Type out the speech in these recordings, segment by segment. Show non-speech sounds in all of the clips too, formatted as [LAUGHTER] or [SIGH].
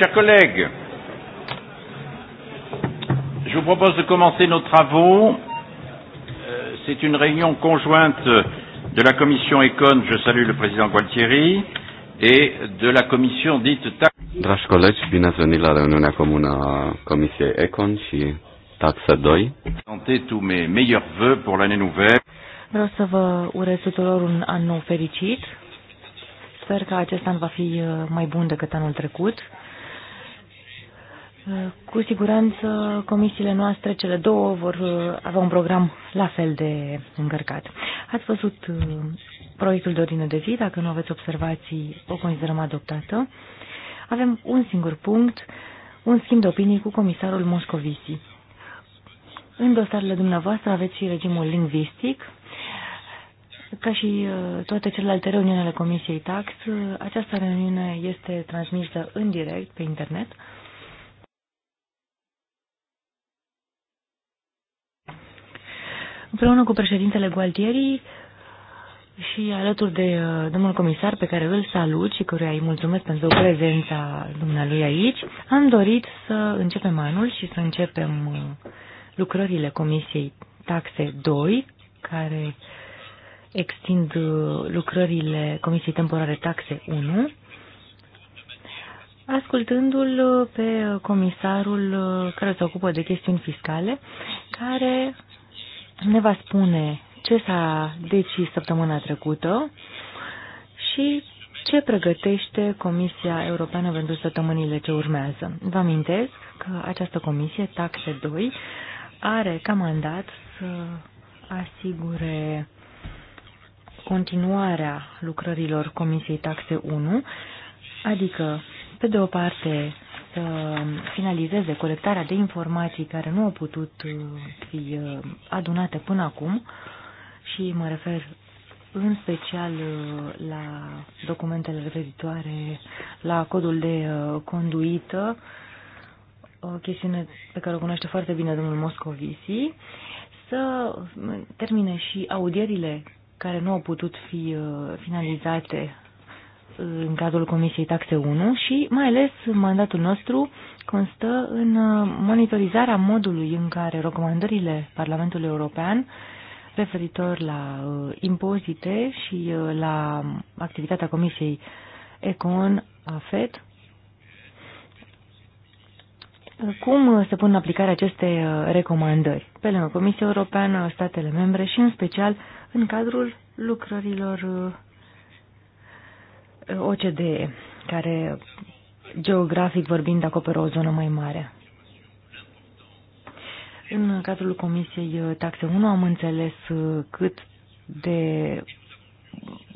chers collègues, je vous propose de commencer nos travaux. Euh, C'est une réunion conjointe de la commission ECON, je salue le président Gualtieri, et de la commission dite TAC. Dragi colegi, bine ați venit la reuniunea comună a Comisiei ECON și Taxa 2. mes meilleurs vœux pour l'année nouvelle. Vreau să vă urez tuturor un an nou fericit. Sper că acest an va fi uh, mai bun decât anul trecut cu siguranță comisiile noastre, cele două, vor uh, avea un program la fel de încărcat. Ați văzut uh, proiectul de ordine de zi, dacă nu aveți observații, o considerăm adoptată. Avem un singur punct, un schimb de opinii cu comisarul Moscovici. În dosarele dumneavoastră aveți și regimul lingvistic, ca și uh, toate celelalte reuniuni ale Comisiei Tax, această reuniune este transmisă în direct pe internet. Împreună cu președintele Gualtieri și alături de uh, domnul comisar pe care îl salut și căruia îi mulțumesc pentru prezența dumnealui aici, am dorit să începem anul și să începem uh, lucrările Comisiei Taxe 2, care extind uh, lucrările Comisiei Temporare Taxe 1, ascultându-l pe comisarul care se ocupă de chestiuni fiscale, care ne va spune ce s-a decis săptămâna trecută și ce pregătește Comisia Europeană pentru săptămânile ce urmează. Vă amintesc că această comisie, Taxe 2, are ca mandat să asigure continuarea lucrărilor Comisiei Taxe 1, adică, pe de o parte, să finalizeze colectarea de informații care nu au putut uh, fi uh, adunate până acum și mă refer în special uh, la documentele referitoare la codul de conduită, o chestiune pe care o cunoaște foarte bine domnul Moscovici, să termine și audierile care nu au putut fi finalizate în cadrul Comisiei Taxe 1 și mai ales mandatul nostru constă în uh, monitorizarea modului în care recomandările Parlamentului European referitor la uh, impozite și uh, la activitatea Comisiei Econ AFET cum se pun în aplicare aceste recomandări pe lângă Comisia Europeană, statele membre și în special în cadrul lucrărilor OCDE, care geografic vorbind acoperă o zonă mai mare. În cadrul Comisiei Taxe 1 am înțeles cât de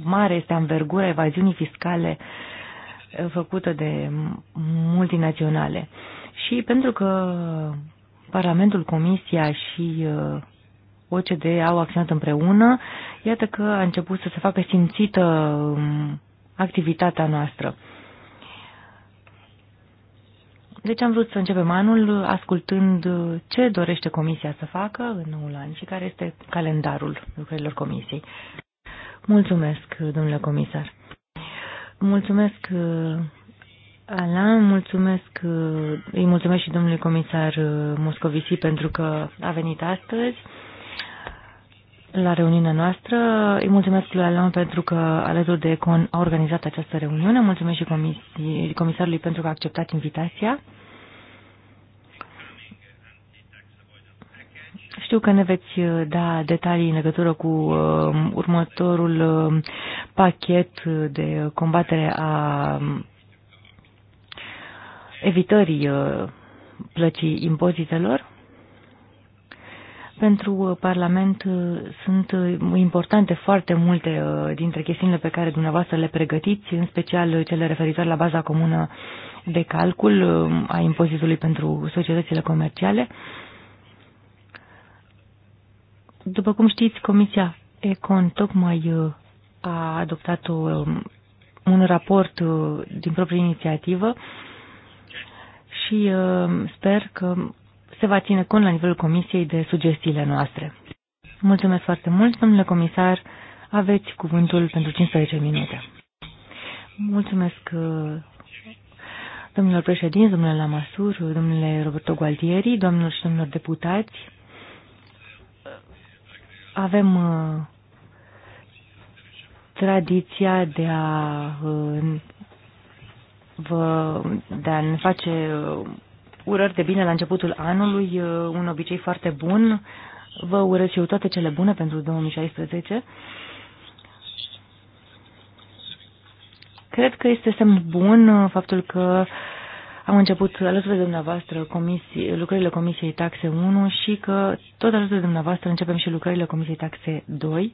mare este anvergura evaziunii fiscale făcută de multinaționale. Și pentru că Parlamentul, Comisia și OCDE au acționat împreună, iată că a început să se facă simțită um, activitatea noastră. Deci am vrut să începem anul ascultând ce dorește Comisia să facă în noul an și care este calendarul lucrărilor Comisiei. Mulțumesc, domnule comisar. Mulțumesc, Alan, mulțumesc, îi mulțumesc și domnului comisar Moscovici pentru că a venit astăzi la reuniunea noastră. Îi mulțumesc lui Alan pentru că alături de Econ a organizat această reuniune. Mulțumesc și comisii, comisarului pentru că a acceptat invitația. Știu că ne veți uh, da detalii în legătură cu uh, următorul uh, pachet de combatere a um, evitării uh, plăcii impozitelor. Pentru uh, Parlament uh, sunt uh, importante foarte multe dintre chestiunile pe care dumneavoastră le pregătiți, în special cele referitoare la baza comună de calcul a impozitului pentru societățile comerciale. După cum știți, Comisia Econ tocmai a adoptat un raport din proprie inițiativă și sper că se va ține cont la nivelul Comisiei de sugestiile noastre. Mulțumesc foarte mult, domnule comisar. Aveți cuvântul pentru 15 minute. Mulțumesc, uh, domnilor președinți, domnule Lamasur, domnule Roberto Gualtieri, domnilor și domnilor deputați. Avem uh, tradiția de a, uh, vă, de a ne face urări de bine la începutul anului, uh, un obicei foarte bun. Vă urez și eu toate cele bune pentru 2016. Cred că este semn bun uh, faptul că am început alături de dumneavoastră comisii, lucrările Comisiei Taxe 1 și că tot alături de dumneavoastră începem și lucrările Comisiei Taxe 2.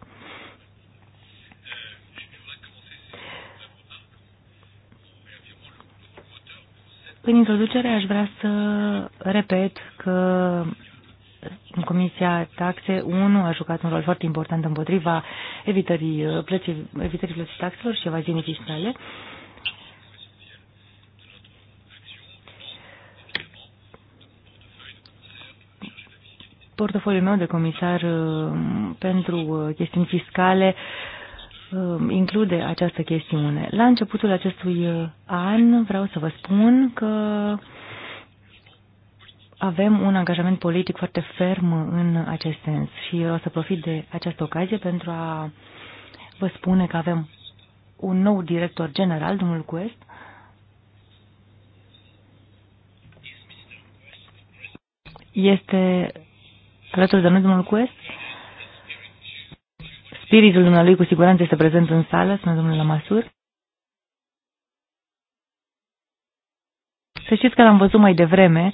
În introducere aș vrea să repet că în Comisia Taxe 1 a jucat un rol foarte important împotriva evitării uh, plății, evitării plății taxelor și evaziunii fiscale. Portofoliul meu de comisar uh, pentru uh, chestiuni fiscale Uh, include această chestiune. La începutul acestui uh, an vreau să vă spun că avem un angajament politic foarte ferm în acest sens și o să profit de această ocazie pentru a vă spune că avem un nou director general, domnul Quest, este alături de noi domnul Quest? spiritul dumnealui cu siguranță este prezent în sală, spune domnul Lamasur. Să știți că l-am văzut mai devreme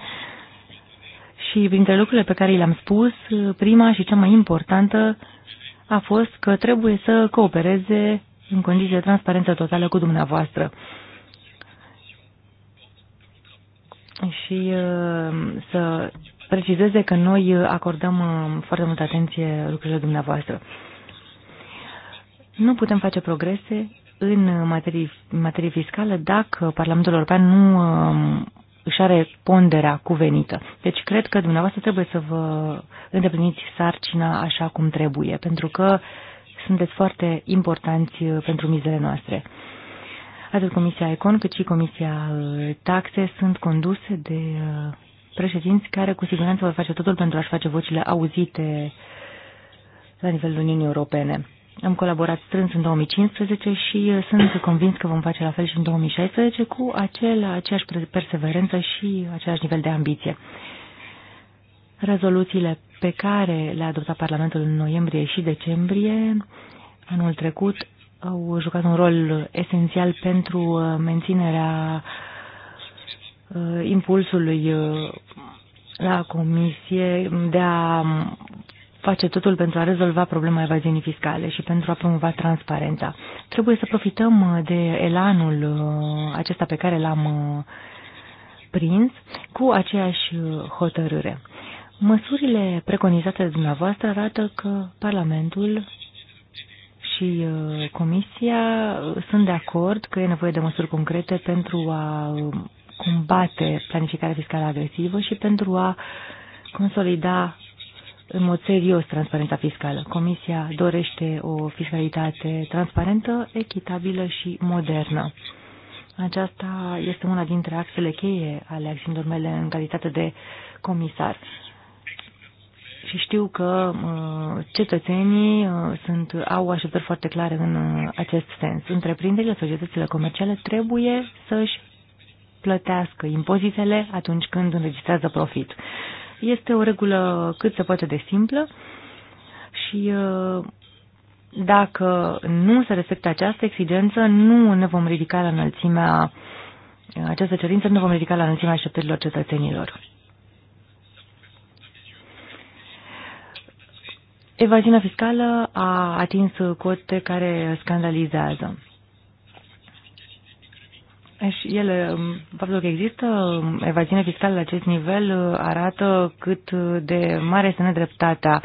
și printre lucrurile pe care le-am spus, prima și cea mai importantă a fost că trebuie să coopereze în condiții de transparență totală cu dumneavoastră. Și uh, să precizeze că noi acordăm uh, foarte multă atenție lucrurilor dumneavoastră. Nu putem face progrese în materie, materie fiscală dacă Parlamentul European nu um, își are ponderea cuvenită. Deci cred că dumneavoastră trebuie să vă îndepliniți sarcina așa cum trebuie, pentru că sunteți foarte importanți uh, pentru mizele noastre. Atât Comisia Econ cât și Comisia uh, Taxe sunt conduse de uh, președinți care cu siguranță vor face totul pentru a-și face vocile auzite la nivelul Uniunii Europene. Am colaborat strâns în 2015 și uh, sunt convins că vom face la fel și în 2016 cu acela, aceeași perseverență și același nivel de ambiție. Rezoluțiile pe care le-a adoptat Parlamentul în noiembrie și decembrie anul trecut au jucat un rol esențial pentru uh, menținerea uh, impulsului la comisie de a face totul pentru a rezolva problema evaziunii fiscale și pentru a promova transparența. Trebuie să profităm uh, de elanul uh, acesta pe care l-am uh, prins cu aceeași hotărâre. Măsurile preconizate de dumneavoastră arată că Parlamentul și Comisia sunt de acord că e nevoie de măsuri concrete pentru a combate planificarea fiscală agresivă și pentru a consolida în mod serios transparența fiscală. Comisia dorește o fiscalitate transparentă, echitabilă și modernă. Aceasta este una dintre axele cheie ale acțiunilor mele în calitate de comisar. Și știu că uh, cetățenii uh, sunt, au așteptări foarte clare în uh, acest sens. Întreprinderile, societățile comerciale trebuie să-și plătească impozitele atunci când înregistrează profit. Este o regulă cât se poate de simplă și uh, dacă nu se respectă această exigență, nu ne vom ridica la înălțimea uh, această cerință, nu vom ridica la înălțimea așteptărilor cetățenilor. Evaziunea fiscală a atins cote care scandalizează. Și ele, um, faptul că există um, evaziune fiscală la acest nivel uh, arată cât uh, de mare este nedreptatea.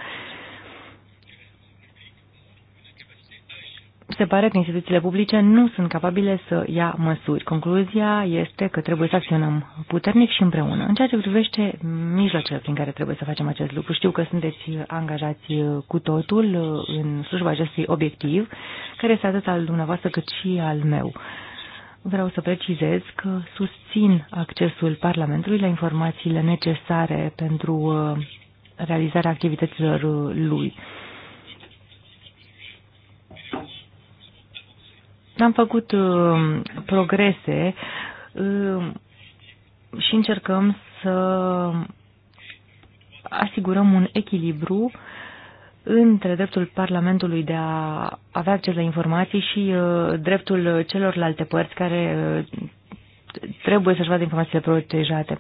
Se pare că instituțiile publice nu sunt capabile să ia măsuri. Concluzia este că trebuie să acționăm puternic și împreună. În ceea ce privește mijloacele prin care trebuie să facem acest lucru, știu că sunteți angajați uh, cu totul în slujba acestui obiectiv, care este atât al dumneavoastră cât și al meu. Vreau să precizez că susțin accesul Parlamentului la informațiile necesare pentru uh, realizarea activităților uh, lui. Am făcut uh, progrese și încercăm să asigurăm un echilibru între dreptul Parlamentului de a avea acces la informații și uh, dreptul celorlalte părți care uh, trebuie să-și vadă informațiile protejate.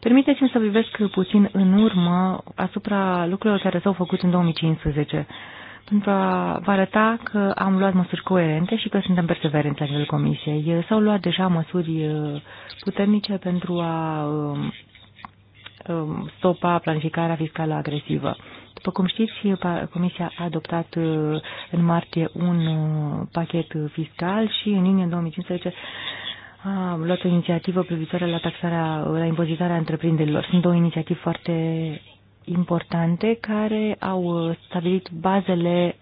Permiteți-mi să privesc puțin în urmă asupra lucrurilor care s-au făcut în 2015 pentru a vă arăta că am luat măsuri coerente și că suntem perseverenți la nivelul Comisiei. S-au luat deja măsuri uh, puternice pentru a um, Um, stopa planificarea fiscală agresivă. După cum știți, uh, Comisia a adoptat uh, în martie un uh, pachet fiscal și în iunie 2015 a luat o inițiativă privitoare la taxarea, la impozitarea întreprinderilor. Sunt două inițiative foarte importante care au stabilit bazele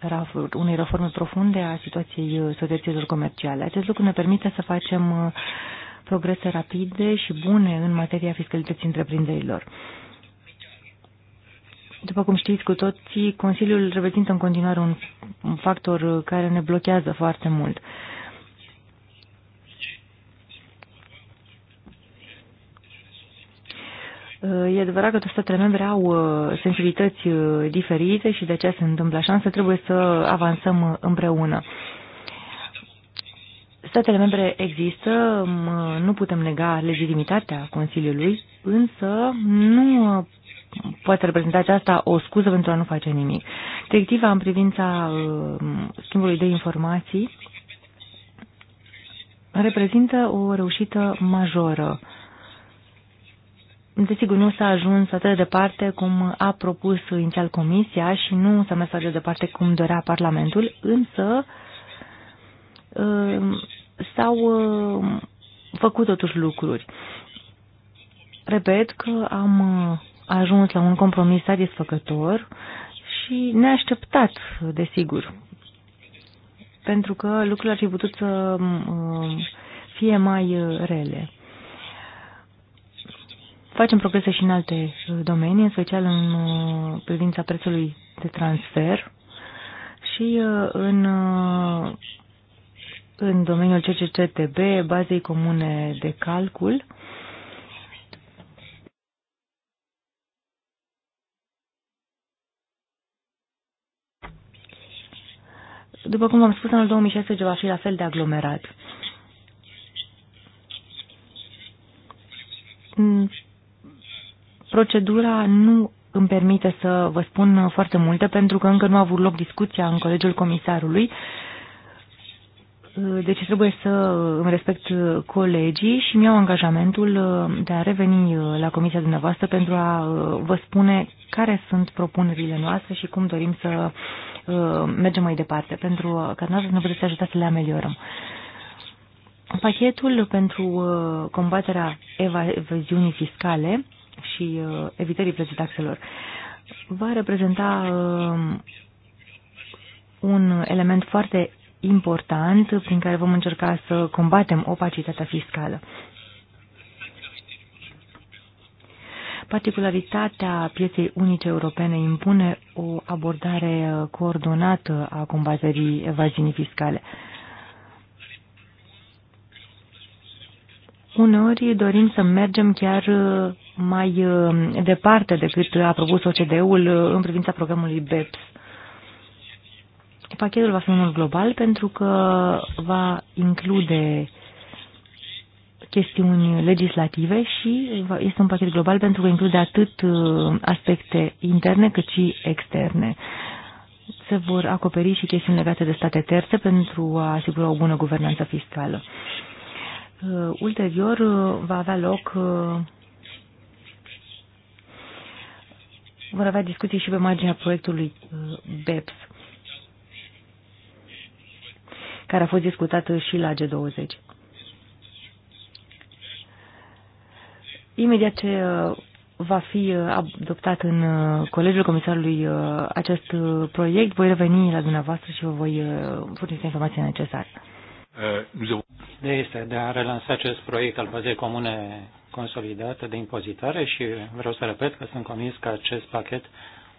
unei reforme profunde a situației societăților comerciale. Acest lucru ne permite să facem progrese rapide și bune în materia fiscalității întreprinderilor. După cum știți cu toții, Consiliul reprezintă în continuare un, factor care ne blochează foarte mult. E adevărat că toate statele membre au uh, sensibilități uh, diferite și de aceea se întâmplă așa, însă trebuie să avansăm uh, împreună statele membre există, nu putem nega legitimitatea Consiliului, însă nu uh, poate reprezenta aceasta o scuză pentru a nu face nimic. Directiva în privința uh, schimbului de informații reprezintă o reușită majoră. Desigur, nu s-a ajuns atât de departe cum a propus inițial Comisia și nu s-a mers atât de departe cum dorea Parlamentul, însă uh, s-au uh, făcut totuși lucruri. Repet că am uh, ajuns la un compromis satisfăcător și neașteptat, desigur, pentru că lucrurile ar fi putut să uh, fie mai rele. Facem progrese și în alte domenii, în special în privința prețului de transfer și în în domeniul CCCTB, bazei comune de calcul. După cum am spus, anul 2016 va fi la fel de aglomerat. Procedura nu îmi permite să vă spun foarte multe, pentru că încă nu a avut loc discuția în Colegiul Comisarului. Eh, deci trebuie să îmi respect eh, colegii și mi-au angajamentul eh, de a reveni la comisia dumneavoastră pentru a vă spune care sunt propunerile noastre și cum dorim să mergem mai departe, pentru ca noastră să ne puteți ajuta să le ameliorăm. Pachetul pentru combaterea evaziunii fiscale și evitării plății taxelor va reprezenta un element foarte important prin care vom încerca să combatem opacitatea fiscală. Particularitatea pieței unice europene impune o abordare coordonată a combaterii evaziunii fiscale. Uneori dorim să mergem chiar mai uh, departe decât a propus OCDE-ul uh, în privința programului BEPS. Pachetul va fi unul global pentru că va include chestiuni legislative și este un pachet global pentru că include atât uh, aspecte interne cât și externe. Se vor acoperi și chestiuni legate de state terțe pentru a asigura o bună guvernanță fiscală. Uh, ulterior uh, va avea loc vor avea discuții și pe marginea proiectului BEPS care a fost discutată și la G20. Imediat ce uh, va fi uh, adoptat în uh, Colegiul Comisarului acest proiect, voi reveni la dumneavoastră și vă voi furniza informația necesară. Ideea este de a relansa acest proiect al bazei comune consolidată de impozitare și vreau să repet că sunt convins că acest pachet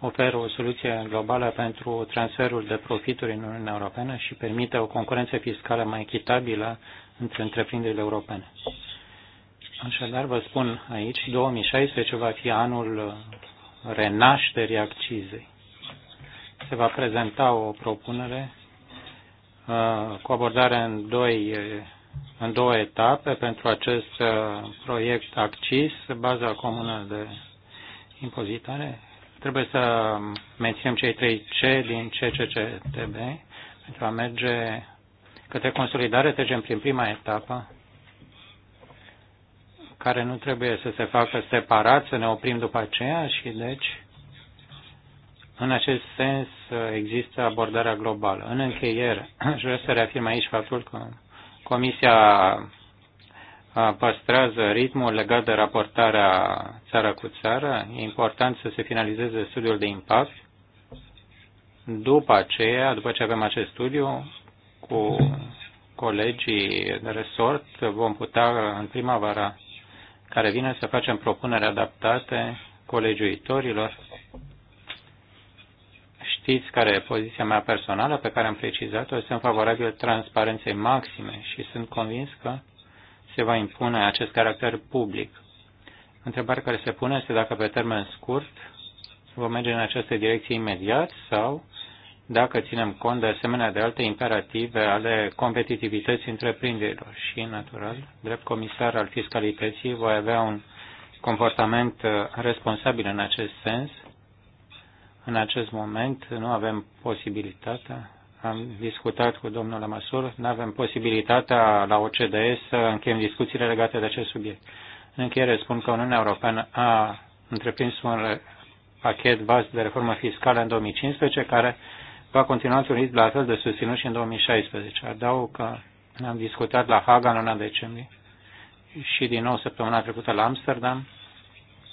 oferă o soluție globală pentru transferul de profituri în Uniunea Europeană și permite o concurență fiscală mai echitabilă între întreprinderile europene. Așadar, vă spun aici, 2016 va fi anul renașterii accizei. Se va prezenta o propunere uh, cu abordare în, doi, în două etape pentru acest uh, proiect accis, baza comună de impozitare, Trebuie să menținem cei trei C din CCCTB pentru a merge către consolidare. Trecem prin prima etapă care nu trebuie să se facă separat, să ne oprim după aceea și deci în acest sens există abordarea globală. În încheiere, aș vrea să reafirm aici faptul că Comisia păstrează ritmul legat de raportarea țară cu țară. E important să se finalizeze studiul de impact. După aceea, după ce avem acest studiu, cu colegii de resort vom putea în primăvara care vine să facem propuneri adaptate colegiuitorilor. Știți care e poziția mea personală pe care am precizat-o. Sunt favorabil transparenței maxime și sunt convins că se va impune acest caracter public. Întrebarea care se pune este dacă pe termen scurt vom merge în această direcție imediat sau dacă ținem cont de asemenea de alte imperative ale competitivității întreprinderilor și, natural, drept comisar al fiscalității, voi avea un comportament uh, responsabil în acest sens. În acest moment nu avem posibilitatea am discutat cu domnul Lămăsur, nu avem posibilitatea la OCDE să încheiem discuțiile legate de acest subiect. În încheiere spun că Uniunea Europeană a întreprins un pachet baz de reformă fiscală în 2015 care va continua într-un la fel de susținut și în 2016. Adaug că am discutat la Haga în luna decembrie și din nou săptămâna trecută la Amsterdam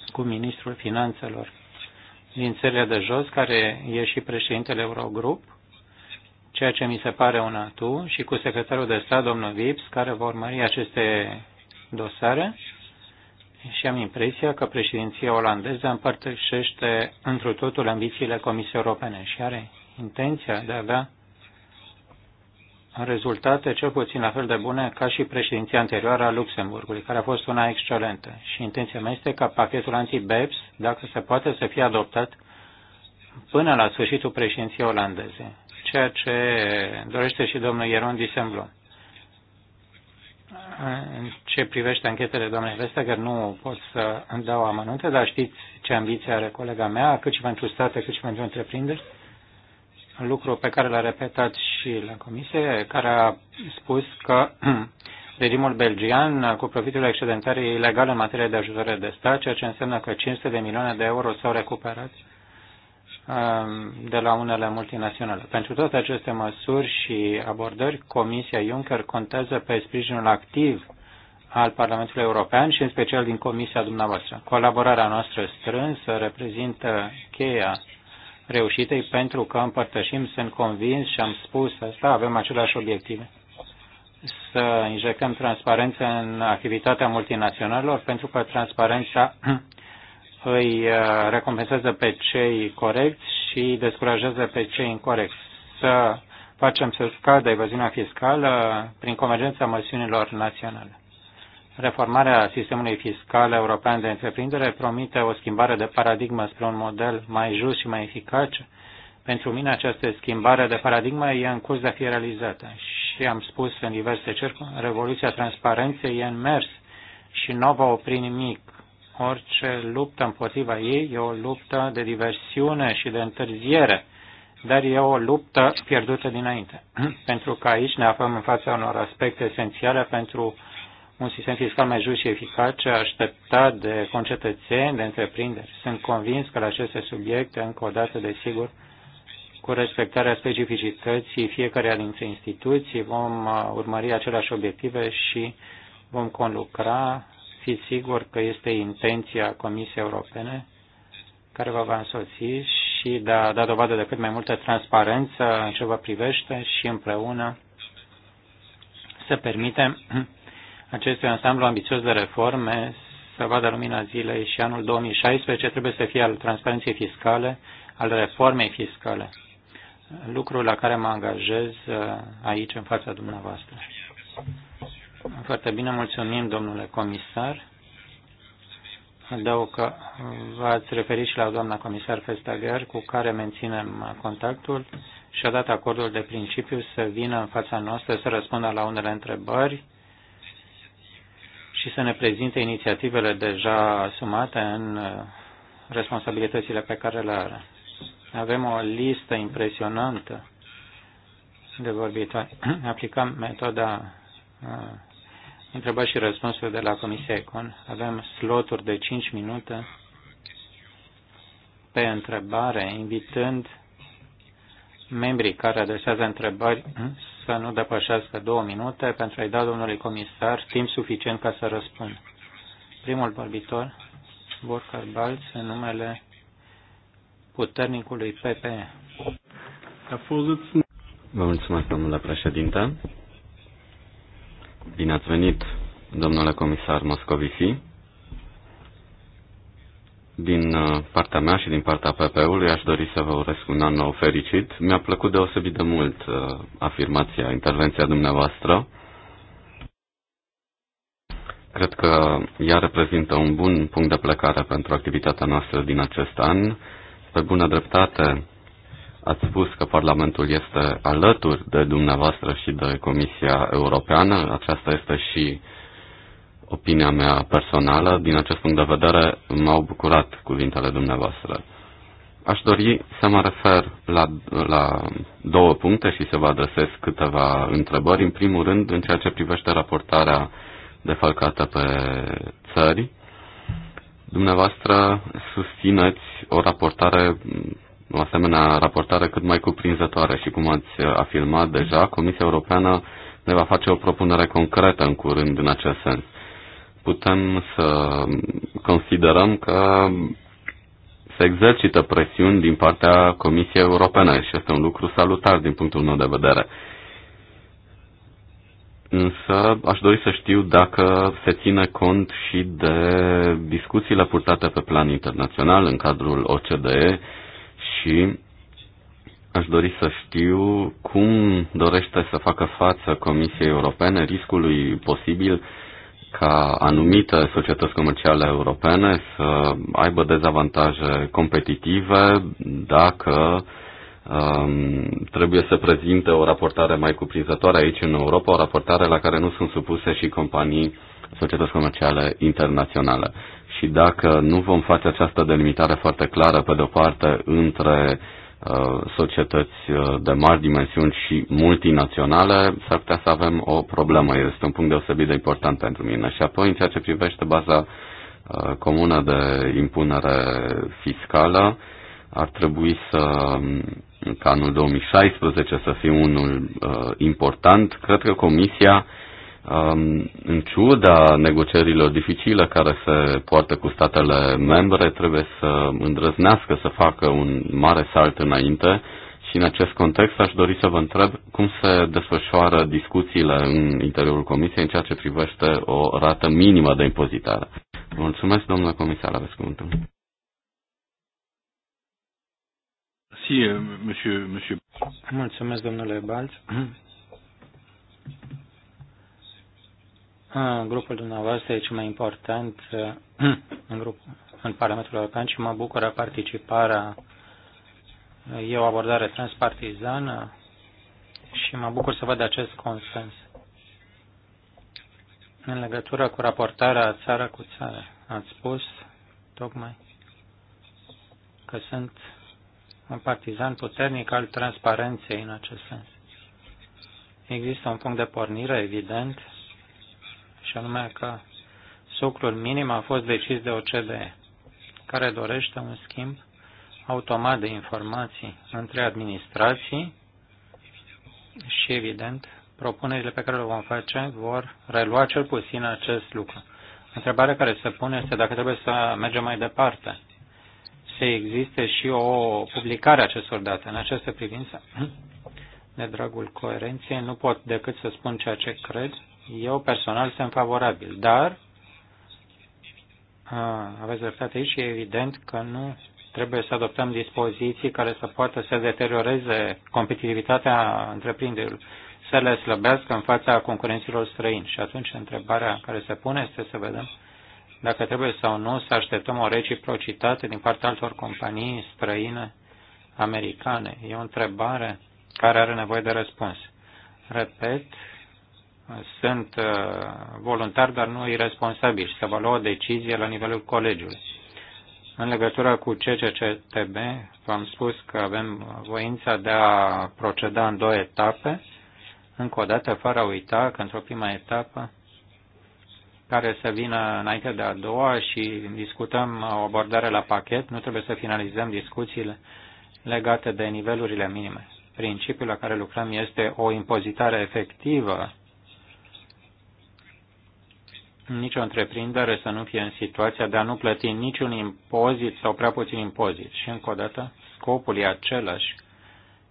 cu ministrul finanțelor din țările de jos, care e și președintele Eurogrup, ceea ce mi se pare un atu, și cu secretarul de stat, domnul Vips, care vor urmări aceste dosare. Și am impresia că președinția olandeză împărtășește întru totul ambițiile Comisiei Europene și are intenția de a avea rezultate cel puțin la fel de bune ca și președinția anterioară a Luxemburgului, care a fost una excelentă. Și intenția mea este ca pachetul anti-BEPS, dacă se poate, să fie adoptat până la sfârșitul președinției olandeze ceea ce dorește și domnul Ieron Disemblu. În ce privește anchetele doamnei Vestager, nu pot să îmi dau amănunte, dar știți ce ambiție are colega mea, cât și pentru state, cât și pentru întreprinderi. Lucru pe care l-a repetat și la comisie, care a spus că [CLEARS THROAT] regimul belgian cu profiturile excedentare ilegal în materie de ajutoare de stat, ceea ce înseamnă că 500 de milioane de euro s-au recuperat Um, de la unele multinaționale. Pentru toate aceste măsuri și abordări, Comisia Juncker contează pe sprijinul activ al Parlamentului European și în special din Comisia dumneavoastră. Colaborarea noastră strânsă reprezintă cheia reușitei pentru că împărtășim, sunt convins și am spus asta, avem aceleași obiective. Să injectăm transparență în activitatea multinaționalelor pentru că transparența [CLEARS THROAT] îi uh, recompensează pe cei corecți și descurajează pe cei incorecți. Să facem să scadă evaziunea fiscală prin convergența măsiunilor naționale. Reformarea sistemului fiscal european de întreprindere promite o schimbare de paradigmă spre un model mai just și mai eficace. Pentru mine această schimbare de paradigmă e în curs de a fi realizată și am spus în diverse cercuri, revoluția transparenței e în mers și nu va opri nimic orice luptă împotriva ei e o luptă de diversiune și de întârziere, dar e o luptă pierdută dinainte. [CLEARS THROAT] pentru că aici ne aflăm în fața unor aspecte esențiale pentru un sistem fiscal mai just și eficace, așteptat de concetățeni, de întreprinderi. Sunt convins că la aceste subiecte, încă o dată, desigur, cu respectarea specificității fiecarea dintre instituții, vom uh, urmări aceleași obiective și vom conlucra fiți sigur că este intenția Comisiei Europene care vă va însoți și de a da dovadă de cât mai multă transparență în ce vă privește și împreună să permitem [CLEARS THROAT] acestui ansamblu ambițios de reforme să vadă lumina zilei și anul 2016 trebuie să fie al transparenței fiscale, al reformei fiscale, lucru la care mă angajez uh, aici în fața dumneavoastră. Foarte bine, mulțumim, domnule comisar. Adaug că v-ați referit și la doamna comisar Festager, cu care menținem contactul și a dat acordul de principiu să vină în fața noastră să răspundă la unele întrebări și să ne prezinte inițiativele deja asumate în responsabilitățile pe care le are. Avem o listă impresionantă de vorbitoare. [CLEARS THROAT] Aplicăm metoda uh, întrebări și răspunsuri de la Comisia Econ. Avem sloturi de 5 minute pe întrebare, invitând membrii care adresează întrebări să nu depășească două minute pentru a-i da domnului comisar timp suficient ca să răspundă. Primul vorbitor, Borcar Balț, în numele puternicului PPE. Vă mulțumesc, domnule președinte. Bine ați venit, domnule comisar Moscovici. Din uh, partea mea și din partea PP-ului aș dori să vă urez un an nou fericit. Mi-a plăcut deosebit de mult uh, afirmația, intervenția dumneavoastră. Cred că ea reprezintă un bun punct de plecare pentru activitatea noastră din acest an. Pe bună dreptate, Ați spus că Parlamentul este alături de dumneavoastră și de Comisia Europeană. Aceasta este și opinia mea personală. Din acest punct de vedere, m-au bucurat cuvintele dumneavoastră. Aș dori să mă refer la, la două puncte și să vă adresez câteva întrebări. În primul rând, în ceea ce privește raportarea defalcată pe țări, dumneavoastră susțineți o raportare o asemenea raportare cât mai cuprinzătoare și cum ați uh, afirmat deja, Comisia Europeană ne va face o propunere concretă în curând în acest sens. Putem să considerăm că se exercită presiuni din partea Comisiei Europene și este un lucru salutar din punctul meu de vedere. Însă aș dori să știu dacă se ține cont și de discuțiile purtate pe plan internațional în cadrul OCDE, și aș dori să știu cum dorește să facă față Comisiei Europene riscului posibil ca anumite societăți comerciale europene să aibă dezavantaje competitive dacă um, trebuie să prezinte o raportare mai cuprinzătoare aici în Europa, o raportare la care nu sunt supuse și companii societăți comerciale internaționale și dacă nu vom face această delimitare foarte clară, pe de-o parte, între uh, societăți uh, de mari dimensiuni și multinaționale, s-ar putea să avem o problemă. Este un punct deosebit de important pentru mine. Și apoi, în ceea ce privește baza uh, comună de impunere fiscală, ar trebui să ca anul 2016 să fie unul important. Cred că Comisia Um, în ciuda negocierilor dificile care se poartă cu statele membre, trebuie să îndrăznească să facă un mare salt înainte și în acest context aș dori să vă întreb cum se desfășoară discuțiile în interiorul Comisiei în ceea ce privește o rată minimă de impozitare. Mulțumesc, domnule comisar, aveți cuvântul. Euh, mulțumesc, domnule Balț. Ah, grupul dumneavoastră e cel mai important eh, [CLEARS THROAT] în, grup, în Parlamentul European și mă bucură participarea. E o abordare transpartizană și mă bucur să văd acest consens în legătură cu raportarea țară cu țară. Ați spus tocmai că sunt un partizan puternic al transparenței în acest sens. Există un punct de pornire, evident, și anume că sucrul minim a fost decis de OCDE, care dorește un schimb automat de informații între administrații și, evident, propunerile pe care le vom face vor relua cel puțin acest lucru. Întrebarea care se pune este dacă trebuie să mergem mai departe, Se existe și o publicare a acestor date. În această privință, [CLEARS THROAT] de dragul coerenței, nu pot decât să spun ceea ce cred eu personal sunt favorabil, dar aveți dreptate aici și e evident că nu trebuie să adoptăm dispoziții care să poată să deterioreze competitivitatea întreprinderilor, să le slăbească în fața concurenților străini. Și atunci întrebarea care se pune este să vedem dacă trebuie sau nu să așteptăm o reciprocitate din partea altor companii străine americane. E o întrebare care are nevoie de răspuns. Repet sunt uh, voluntari, dar nu irresponsabili, să vă lua o decizie la nivelul colegiului. În legătură cu CCCTB, v-am spus că avem voința de a proceda în două etape, încă o dată, fără a uita că într-o prima etapă, care să vină înainte de a doua și discutăm o abordare la pachet, nu trebuie să finalizăm discuțiile legate de nivelurile minime. Principiul la care lucrăm este o impozitare efectivă nicio întreprindere să nu fie în situația de a nu plăti niciun impozit sau prea puțin impozit. Și încă o dată, scopul e același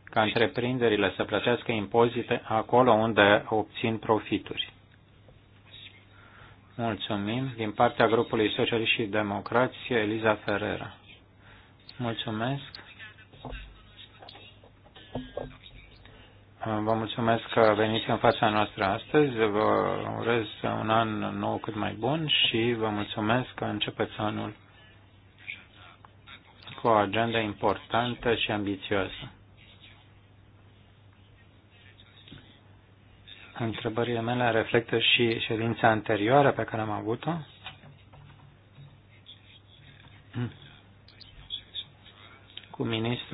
ca întreprinderile să plătească impozite acolo unde obțin profituri. Mulțumim. Din partea grupului Socialiști și Democrație, Eliza Ferrera. Mulțumesc. Vă mulțumesc că veniți în fața noastră astăzi. Vă urez un an nou cât mai bun și vă mulțumesc că începeți anul cu o agenda importantă și ambițioasă. Întrebările mele reflectă și ședința anterioară pe care am avut-o.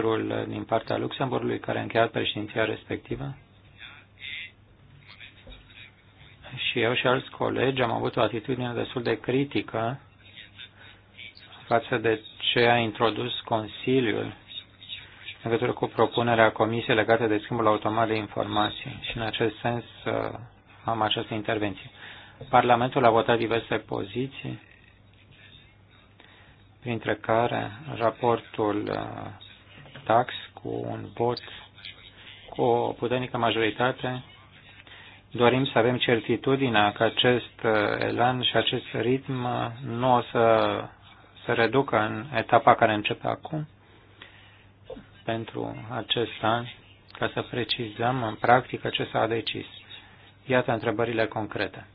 ministrul din partea Luxemburgului care a încheiat președinția respectivă. Și eu și alți colegi am avut o atitudine destul de critică față de ce a introdus Consiliul în legătură cu propunerea Comisiei legată de schimbul automat de informații. Și în acest sens uh, am această intervenție. Parlamentul a votat diverse poziții, printre care raportul uh, tax cu un vot, cu o puternică majoritate. Dorim să avem certitudinea că acest uh, elan și acest ritm uh, nu o să se reducă în etapa care începe acum pentru acest an, ca să precizăm în practică ce s-a decis. Iată întrebările concrete.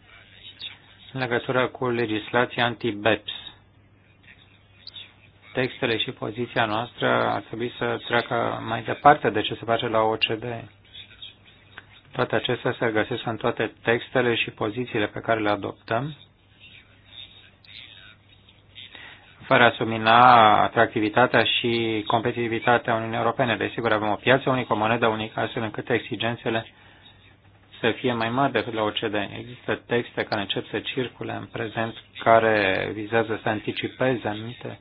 În legătură cu legislația anti-BEPS, textele și poziția noastră ar trebui să treacă mai departe de ce se face la OCD. Toate acestea se găsesc în toate textele și pozițiile pe care le adoptăm, fără a sumina atractivitatea și competitivitatea Uniunii Europene. Desigur, avem o piață unică, o monedă unică, astfel încât exigențele să fie mai mari decât la OCD. Există texte care încep să circule în prezent care vizează să anticipeze anumite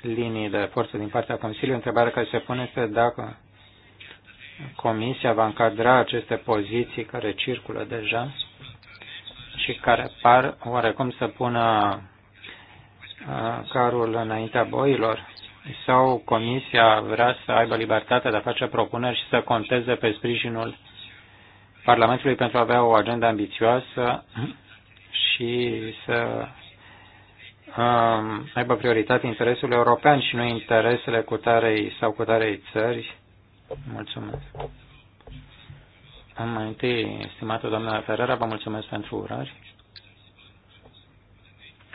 linii de forță din partea Consiliului, întrebarea care se pune este dacă Comisia va încadra aceste poziții care circulă deja și care par oarecum să pună uh, carul înaintea boilor sau Comisia vrea să aibă libertatea de a face propuneri și să conteze pe sprijinul Parlamentului pentru a avea o agendă ambițioasă și să Um, aibă prioritate interesul european și nu interesele cutarei sau cutarei țări. Mulțumesc. Am Mai întâi, estimată doamna Ferrara, vă mulțumesc pentru urări.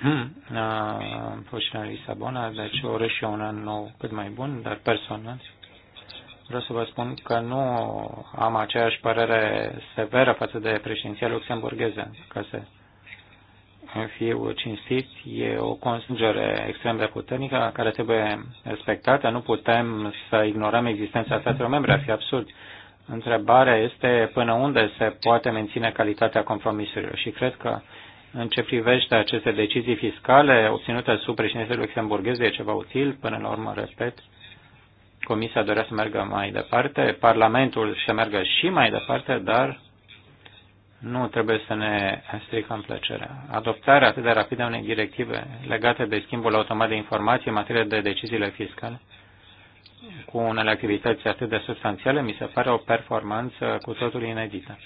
Am hmm, fost și la Lisabona, deci o urez și un an nou cât mai bun, dar personal. Vreau să vă spun că nu am aceeași părere severă față de președinția luxemburgheză, ca să fiu cinstit e o constrângere extrem de puternică care trebuie respectată. Nu putem să ignorăm existența statelor membre, ar fi absurd. Întrebarea este până unde se poate menține calitatea compromisurilor și cred că în ce privește aceste decizii fiscale obținute sub președintele luxemburghez e ceva util, până la urmă, repet, Comisia dorea să meargă mai departe, Parlamentul să meargă și mai departe, dar nu trebuie să ne stricăm plăcerea. Adoptarea atât de rapidă a unei directive legate de schimbul automat de informații în materie de deciziile fiscale cu unele activități atât de substanțiale mi se pare o performanță cu totul inedită.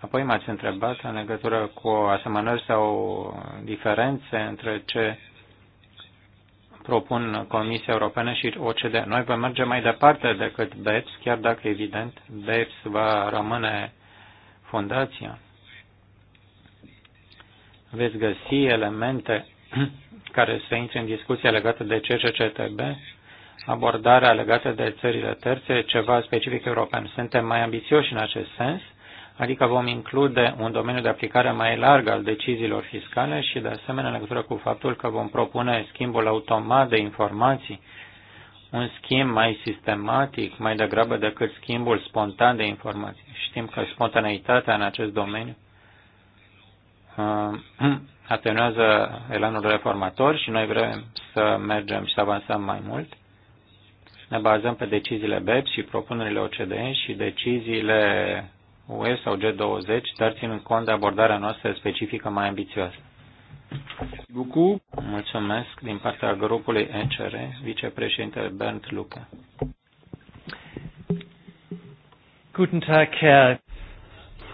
Apoi m-ați întrebat în legătură cu asemănări sau diferențe între ce propun Comisia Europeană și OCDE. Noi vom merge mai departe decât BEPS, chiar dacă, evident, BEPS va rămâne fundația, veți găsi elemente [CLEARS THROAT] care să intre în discuția legată de CCCTB, abordarea legată de țările terțe, ceva specific european. Suntem mai ambițioși în acest sens, adică vom include un domeniu de aplicare mai larg al deciziilor fiscale și, de asemenea, în legătură cu faptul că vom propune schimbul automat de informații un schimb mai sistematic, mai degrabă decât schimbul spontan de informații. Știm că spontaneitatea în acest domeniu uh, [CLEARS THROAT] atenuează elanul reformator și noi vrem să mergem și să avansăm mai mult. Ne bazăm pe deciziile BEPS și propunerile OCDE și deciziile UE sau G20, dar ținând cont de abordarea noastră specifică mai ambițioasă. Mulțumesc din partea grupului ECR, vicepreședintele Bernd Luca. Guten Tag, Herr.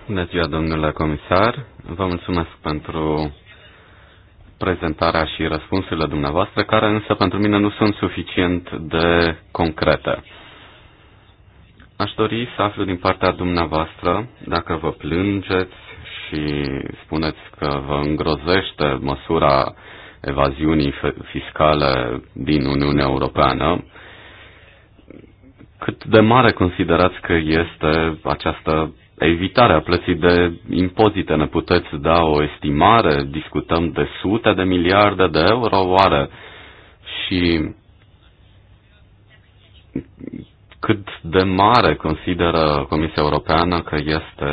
Bună ziua, domnule comisar. Vă mulțumesc pentru prezentarea și răspunsurile dumneavoastră, care însă pentru mine nu sunt suficient de concrete. Aș dori să aflu din partea dumneavoastră dacă vă plângeți și spuneți că vă îngrozește măsura evaziunii fiscale din Uniunea Europeană, cât de mare considerați că este această evitare a plății de impozite? Ne puteți da o estimare? Discutăm de sute de miliarde de euro, oare? Și cât de mare consideră Comisia Europeană că este